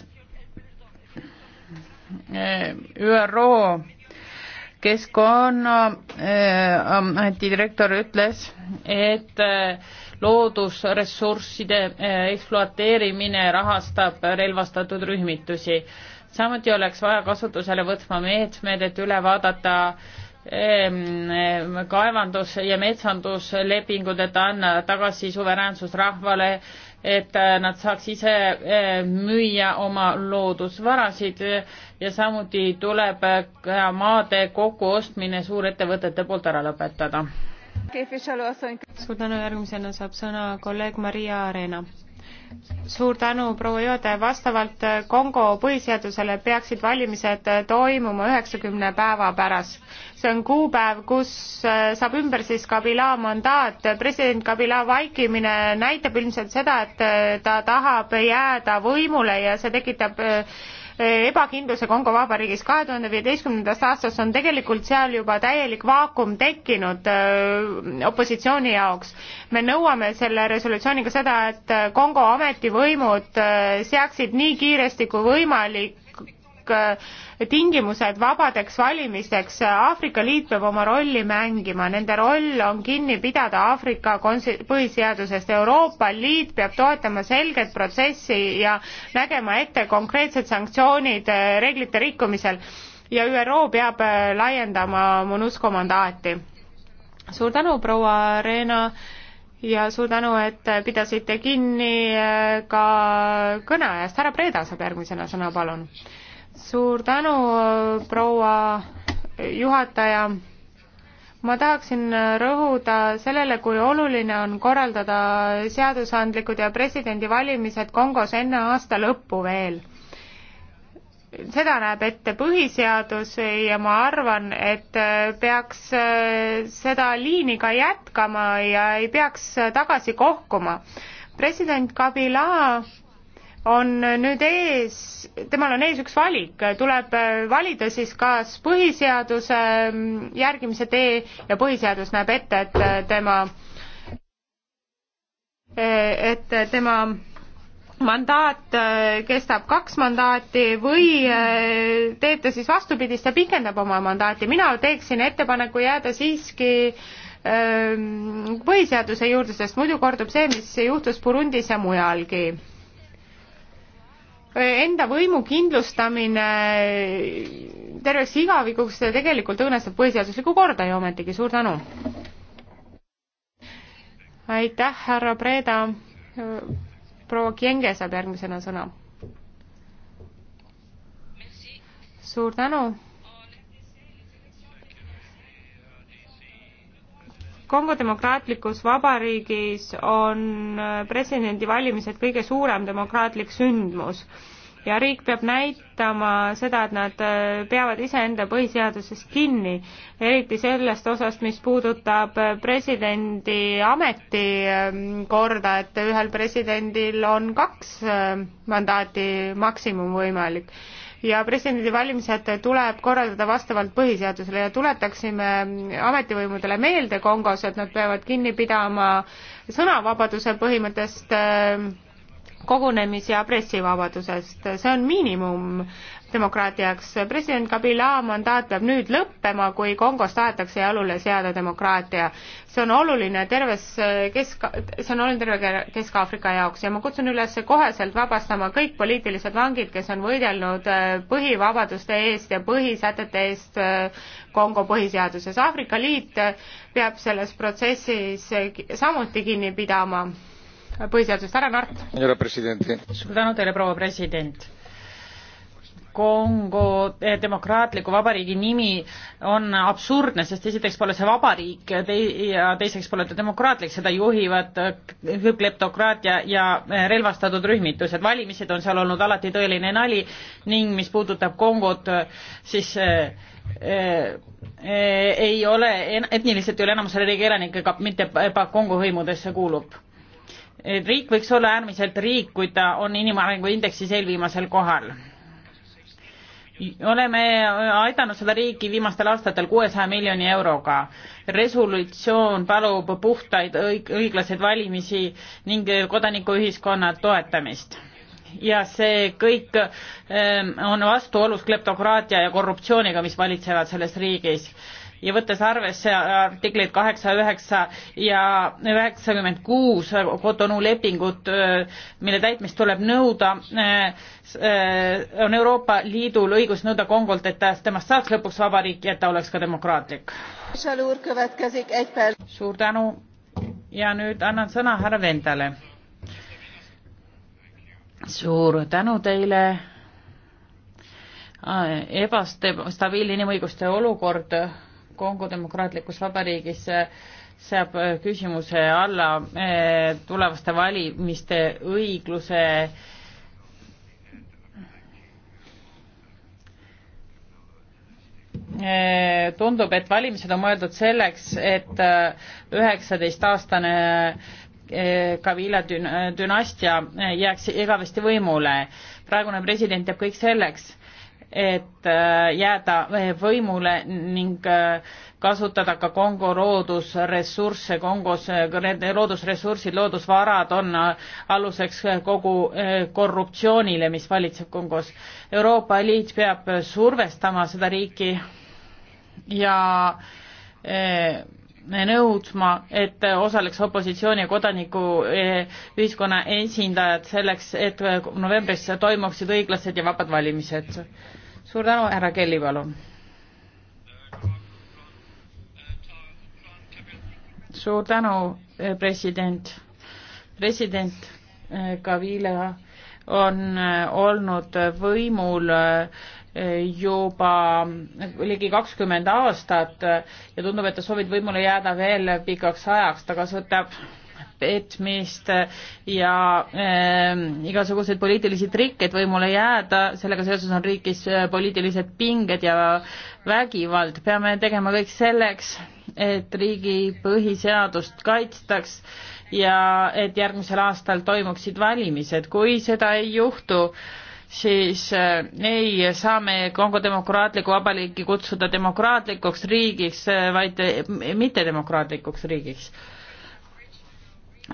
Speaker 2: Äh, ÜRO keskkonnaameti direktor ütles, et loodusressursside ekspluateerimine rahastab relvastatud rühmitusi samuti oleks vaja kasutusele võtma meetmed, et üle vaadata ehm, ehm, kaevandus- ja metsanduslepingud, et anda tagasi suveräänsus rahvale, et nad saaks ise ehm, müüa oma loodusvarasid ja samuti tuleb ka maade kokkuostmine suurettevõtete poolt ära lõpetada.
Speaker 1: suur tänu, järgmisena saab sõna kolleeg Maria Arena suur tänu, proua juhataja, vastavalt äh, Kongo põhiseadusele peaksid valimised äh, toimuma üheksakümne päeva pärast. see on kuupäev, kus äh, saab ümber siis Kabila mandaat, president Kabila vaikimine näitab ilmselt seda, et ta tahab jääda võimule ja see tekitab ebakindluse Kongo Vabariigis. kahe tuhande viieteistkümnendast aastast on tegelikult seal juba täielik vaakum tekkinud äh, opositsiooni jaoks. me nõuame selle resolutsiooniga seda, et Kongo ametivõimud äh, seaksid nii kiiresti kui võimalik kõik äh, tingimused vabadeks valimisteks. Aafrika Liit peab oma rolli mängima, nende roll on kinni pidada Aafrika põhiseadusest. Euroopa Liit peab toetama selget protsessi ja nägema ette konkreetsed sanktsioonid äh, reeglite rikkumisel ja ÜRO peab äh, laiendama MONUSCO mandaati. suur tänu, proua Reena ja suur tänu, et pidasite kinni ka kõneajast. härra Preda saab järgmisena sõna, palun suur tänu, proua juhataja. ma tahaksin rõhuda sellele, kui oluline on korraldada seadusandlikud ja presidendivalimised Kongos enne aasta lõppu veel seda näeb ette põhiseadus ja ma arvan, et peaks seda liini ka jätkama ja ei peaks tagasi kohkuma. president Kabila on nüüd ees, temal on ees üks valik, tuleb valida siis kas põhiseaduse järgimise tee ja põhiseadus näeb ette, et tema, et tema mandaat kestab kaks mandaati või teeb ta siis vastupidist ja pikendab oma mandaati, mina teeksin ettepaneku jääda siiski ähm, põhiseaduse juurde, sest muidu kordub see, mis juhtus Burundis ja mujalgi enda võimu kindlustamine terveks igavikuks tegelikult õõnestab põhiseaduslikku korda ju ometigi, suur tänu! aitäh, härra Preeda, proua Kienge saab järgmisena sõna. suur tänu! Kongo demokraatlikus vabariigis on äh, presidendivalimised kõige suurem demokraatlik sündmus ja riik peab näitama seda, et nad äh, peavad iseenda põhiseadusest kinni, eriti sellest osast, mis puudutab äh, presidendi ametikorda, ähm, et ühel presidendil on kaks mandaati maksimum võimalik ja presidendivalimised tuleb korraldada vastavalt põhiseadusele ja tuletaksime ametivõimudele meelde Kongos, et nad peavad kinni pidama sõnavabaduse põhimõttest kogunemis- ja pressivabadusest, see on miinimum, demokraatiaks. president Kabila mandaat peab nüüd lõppema, kui Kongos tahetakse jalule seada demokraatia. see on oluline terves eh, Kesk, see on oluline terve Kesk-Aafrika jaoks ja ma kutsun üles koheselt vabastama kõik poliitilised vangid, kes on võidelnud eh, põhivabaduste eest ja põhisätete eest eh, Kongo põhiseaduses. Aafrika Liit peab selles protsessis samuti kinni pidama põhiseadusest. härra
Speaker 3: Nart. suur
Speaker 2: tänu teile, proua president Kongo demokraatliku vabariigi nimi on absurdne, sest esiteks pole see vabariik ja teiseks pole ta demokraatlik, seda juhivad kleptokraatia ja relvastatud rühmitused. valimised on seal olnud alati tõeline nali ning mis puudutab Kongot, siis äh, äh, ei ole etniliselt üle enamusele riigi elanikega mitte Kongo hõimudesse kuulub riik võiks olla äärmiselt riik, kui ta on inimarengu indeksis eelviimasel kohal oleme aidanud seda riiki viimastel aastatel kuuesaja miljoni euroga. resolutsioon palub puhtaid õig-, õiglaseid valimisi ning kodanikuühiskonna toetamist ja see kõik ähm, on vastuolus kleptokraatia ja korruptsiooniga, mis valitsevad selles riigis ja võttes arvesse artikleid kaheksa, üheksa ja üheksakümmend kuus Cotonou lepingut, mille täitmist tuleb nõuda, on Euroopa Liidul õigus nõuda Kongolt, et temast saaks lõpuks vabariik ja et ta oleks ka demokraatlik. suur tänu ja nüüd annan sõna härra Vendale. suur tänu teile ebastabiilne inimõiguste olukord Kongo demokraatlikus vabariigis seab äh, küsimuse alla äh, tulevaste valimiste õigluse äh, tundub, et valimised on mõeldud selleks, et üheksateistaastane Kavila dünastia jääks igavesti võimule. praegune president teeb kõik selleks et äh, jääda äh, võimule ning äh, kasutada ka Kongo loodusressursse, Kongos loodusressursid, loodusvarad on aluseks kogu korruptsioonile, mis valitseb Kongos. Euroopa Liit peab survestama seda riiki ja nõudma, et osaleks opositsiooni ja kodanikuühiskonna e, esindajad selleks, et novembris toimuksid õiglased ja vabad valimised. suur tänu, härra Kelly, palun. suur tänu, e, president. president e, Kavila on olnud võimul äh, juba ligi kakskümmend aastat ja tundub, et ta soovib võimule jääda veel pikaks ajaks, ta kasutab petmist ja äh, igasuguseid poliitilisi trikke, et võimule jääda, sellega seoses on riigis eh, poliitilised pinged ja vägivald, peame tegema kõik selleks, et riigi põhiseadust kaitstaks ja et järgmisel aastal toimuksid valimised, kui seda ei juhtu äh,, siis äh, ei saa me Kongo Demokraatliku Vabariiki kutsuda demokraatlikuks riigiks, äh, vaid äh, mittedemokraatlikuks riigiks.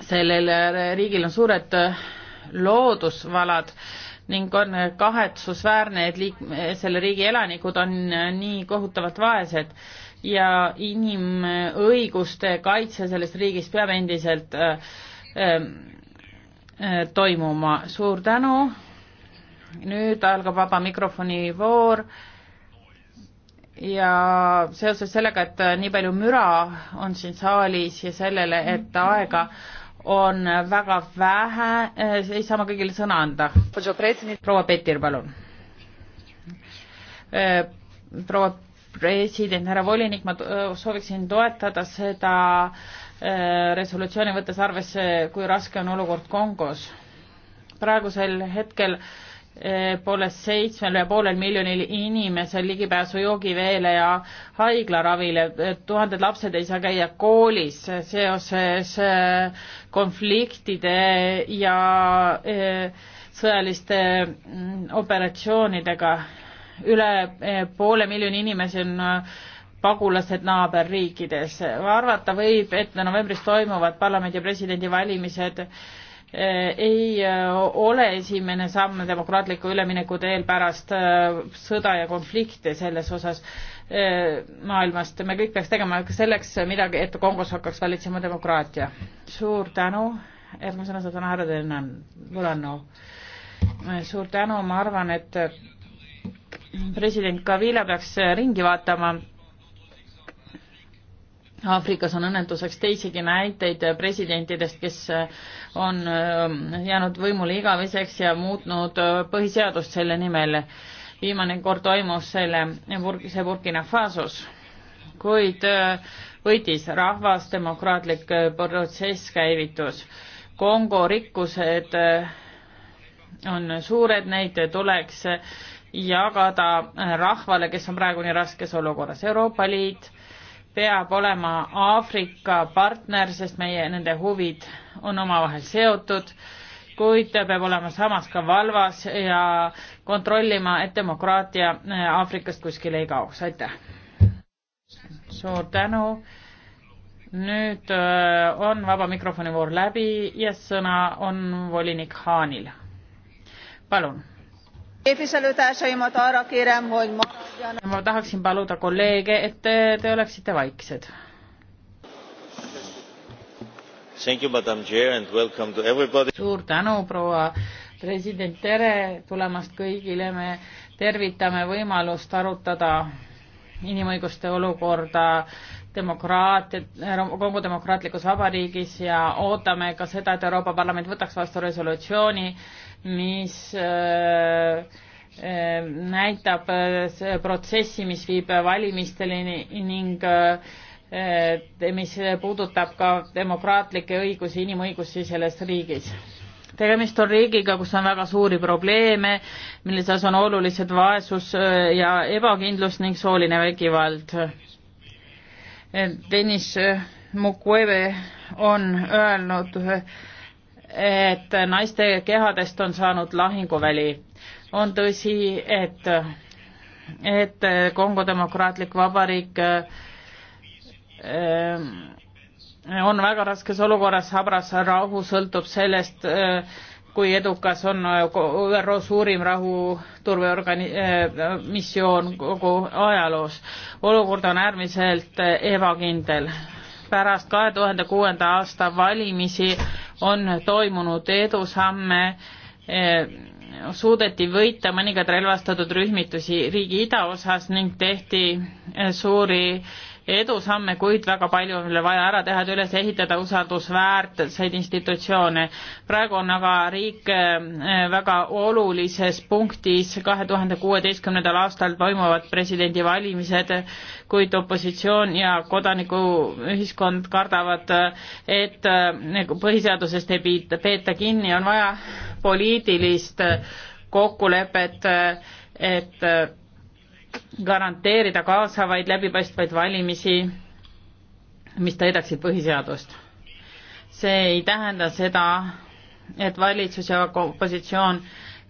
Speaker 2: sellel riigil on suured loodusvalad ning on kahetsusväärne, et liik-, selle riigi elanikud on nii kohutavalt vaesed ja inimõiguste kaitse selles riigis peab endiselt äh, äh, toimuma. suur tänu nüüd algab vaba mikrofoni voor ja seoses sellega, et nii palju müra on siin saalis ja sellele, et aega on väga vähe, ei saa ma kõigile sõna anda. proua Petir, palun. Äh, proua president, härra volinik, ma sooviksin toetada seda äh, resolutsiooni, võttes arvesse, kui raske on olukord Kongos. praegusel hetkel äh, Eh, poole seitsmel ja poolel miljonil inimesel ligipääsu joogiveele ja haiglaravile. Eh, tuhanded lapsed ei saa käia koolis seoses eh, konfliktide ja sõjaliste mm, operatsioonidega. üle poole miljoni inimesi on pagulased naaberriikides. arvata võib, et novembris toimuvad parlamendi ja presidendivalimised Äh, ei äh, ole esimene samm demokraatliku ülemineku teel pärast äh, sõda ja konflikte selles osas maailmast. me kõik peaks tegema selleks midagi, et Kongos hakkaks valitsema demokraatia. suur tänu, järgmisena saab sõna härra Tõnan Võlanno. suur tänu, ma arvan, et president Kavila peaks ringi vaatama Aafrikas on õnnetuseks teisigi näiteid presidentidest, kes äh, on äh, jäänud võimule igaveseks ja muutnud äh, põhiseadust selle nimel. viimane kord toimus selle, see Burkina Fasos, kuid võitis rahvas, demokraatlik protsess käivitus. Kongo rikkused on suured, neid tuleks jagada rahvale, kes on praegu nii raskes olukorras. Euroopa Liit peab olema Aafrika partner, sest meie, nende huvid on omavahel seotud, kuid ta peab olema samas ka valvas ja kontrollima, et demokraatia äh, Aafrikast kuskile ei kaoks, aitäh. suur tänu. nüüd äh, on vaba mikrofoni voor läbi ja sõna on volinik Haanil. palun ma tahaksin paluda kolleege, et te, te oleksite vaiksed. suur tänu, proua president, tere tulemast kõigile, me tervitame võimalust arutada inimõiguste olukorda demokraatiat, Kongo demokraatlikus vabariigis ja ootame ka seda, et Euroopa Parlament võtaks vastu resolutsiooni, mis äh, äh, näitab äh, protsessi, mis viib valimisteni ning mis puudutab ka demokraatlikke õigusi, inimõigusi selles riigis. tegemist on riigiga, kus on väga suuri probleeme, mille seas on olulised vaesus ja ebakindlus ning sooline vägivald. Deniss Mukwebe on öelnud et naiste kehadest on saanud lahinguväli. on tõsi, et, et Kongo Demokraatlik Vabariik äh, on väga raskes olukorras, Habras rahu sõltub sellest, äh, kui edukas on ÜRO suurim rahuturveorgani-, äh, missioon kogu ajaloos. olukord on äärmiselt ebakindel pärast kahe tuhande kuuenda aasta valimisi on toimunud edusamme, eh, suudeti võita mõningaid relvastatud rühmitusi riigi idaosas ning tehti eh, suuri edusamme, kuid väga palju on veel vaja ära teha, et üles ehitada usaldusväärtseid institutsioone. praegu on aga riik äh, väga olulises punktis, kahe tuhande kuueteistkümnendal aastal toimuvad presidendivalimised, kuid opositsioon ja kodanikuühiskond kardavad, et äh, põhiseadusest ei peeta kinni, on vaja poliitilist kokkulepet, äh, et, et garanteerida kaasavaid läbipaistvaid valimisi, mis täidaksid põhiseadust. see ei tähenda seda, et valitsus ja opositsioon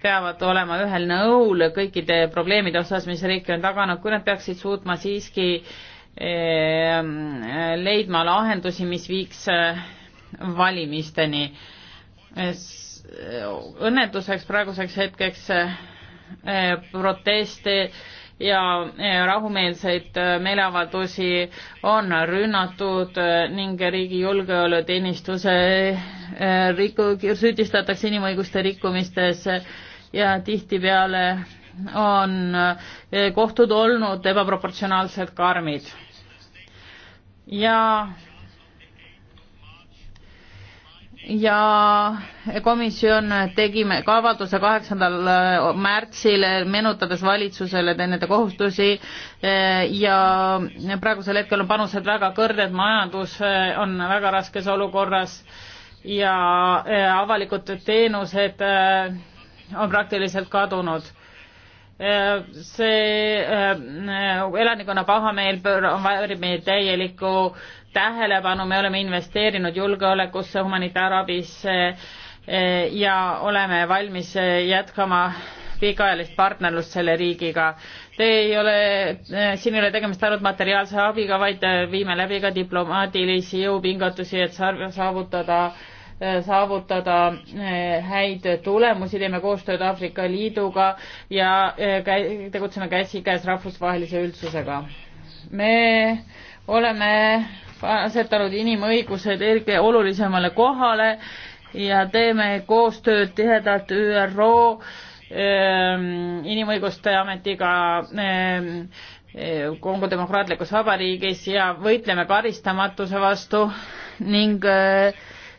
Speaker 2: peavad olema ühel nõul kõikide probleemide osas, mis riiki on taganud, kui nad peaksid suutma siiski ehm, leidma lahendusi, mis viiks eh, valimisteni. õnnetuseks praeguseks hetkeks eh, proteste ja rahumeelseid äh, meeleavaldusi on rünnatud äh, ning riigi julgeoluteenistuse äh, riku-, süüdistatakse inimõiguste rikkumistes ja tihtipeale on kohtud olnud ebaproportsionaalselt karmid. ja ja komisjon tegi ka avalduse kaheksandal äh, märtsil, äh, meenutades valitsusele nende kohustusi äh, ja praegusel hetkel on panused väga kõrged, majandus on väga raskes olukorras ja avalikud teenused on praktiliselt kadunud see elanikkonna pahameel väärib meie täielikku tähelepanu, me oleme investeerinud julgeolekusse, humanitaarabisse eh, ja oleme valmis eh, jätkama pikaajalist partnerlust selle riigiga. Te ei ole, eh, siin ei ole tegemist ainult materiaalse abiga, vaid viime läbi ka diplomaatilisi jõupingutusi, et saavutada saavutada häid tulemusi, teeme koostööd Aafrika Liiduga ja tegutseme käsikäes rahvusvahelise üldsusega. me oleme asetanud inimõigused eelkõige olulisemale kohale ja teeme koostööd tihedalt ÜRO ähm, inimõiguste ametiga ähm, äh, Kongo demokraatlikus vabariigis ja võitleme karistamatuse vastu ning äh,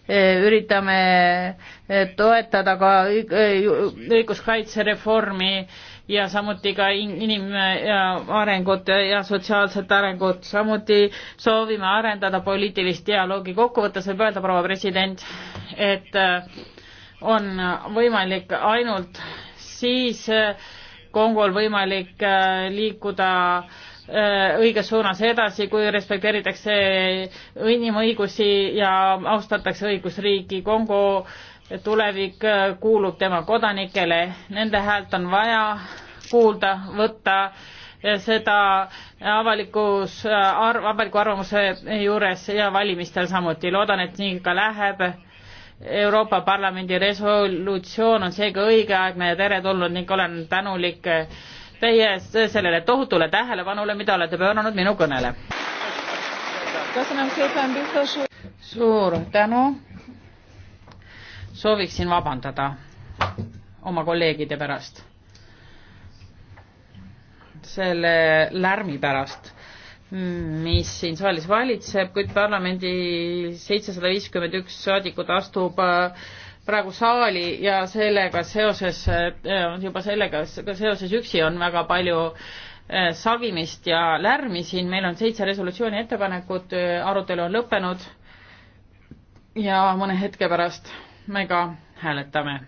Speaker 2: äh, üritame toetada ka õiguskaitsereformi ja samuti ka inimarengut ja sotsiaalset arengut. samuti soovime arendada poliitilist dialoogi. kokkuvõttes võib öelda, proua president, et äh, on võimalik ainult siis äh, Kongol võimalik äh, liikuda õiges suunas edasi, kui respekteeritakse inimõigusi ja austatakse õigusriiki. Kongo tulevik äh, kuulub tema kodanikele, nende häält on vaja kuulda, võtta seda avalikus, äh, avaliku arvamuse juures ja valimistel samuti. loodan, et nii ka läheb. Euroopa Parlamendi resolutsioon on seega õigeaegne ja teretulnud ning olen tänulik teie sellele tohutule tähelepanule, mida olete pööranud minu kõnele. suur tänu sooviksin vabandada oma kolleegide pärast, selle lärmi pärast, mis siin saalis valitseb, kuid parlamendi seitsesada viiskümmend üks saadikut astub äh, praegu saali ja sellega seoses, äh, juba sellega seoses üksi on väga palju äh, savimist ja lärmi siin, meil on seitse resolutsiooni ettepanekut, arutelu on lõppenud ja mõne hetke pärast me ka hääletame.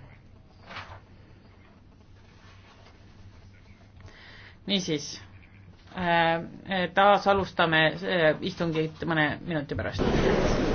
Speaker 2: niisiis, äh, taas alustame äh, istungit mõne minuti pärast.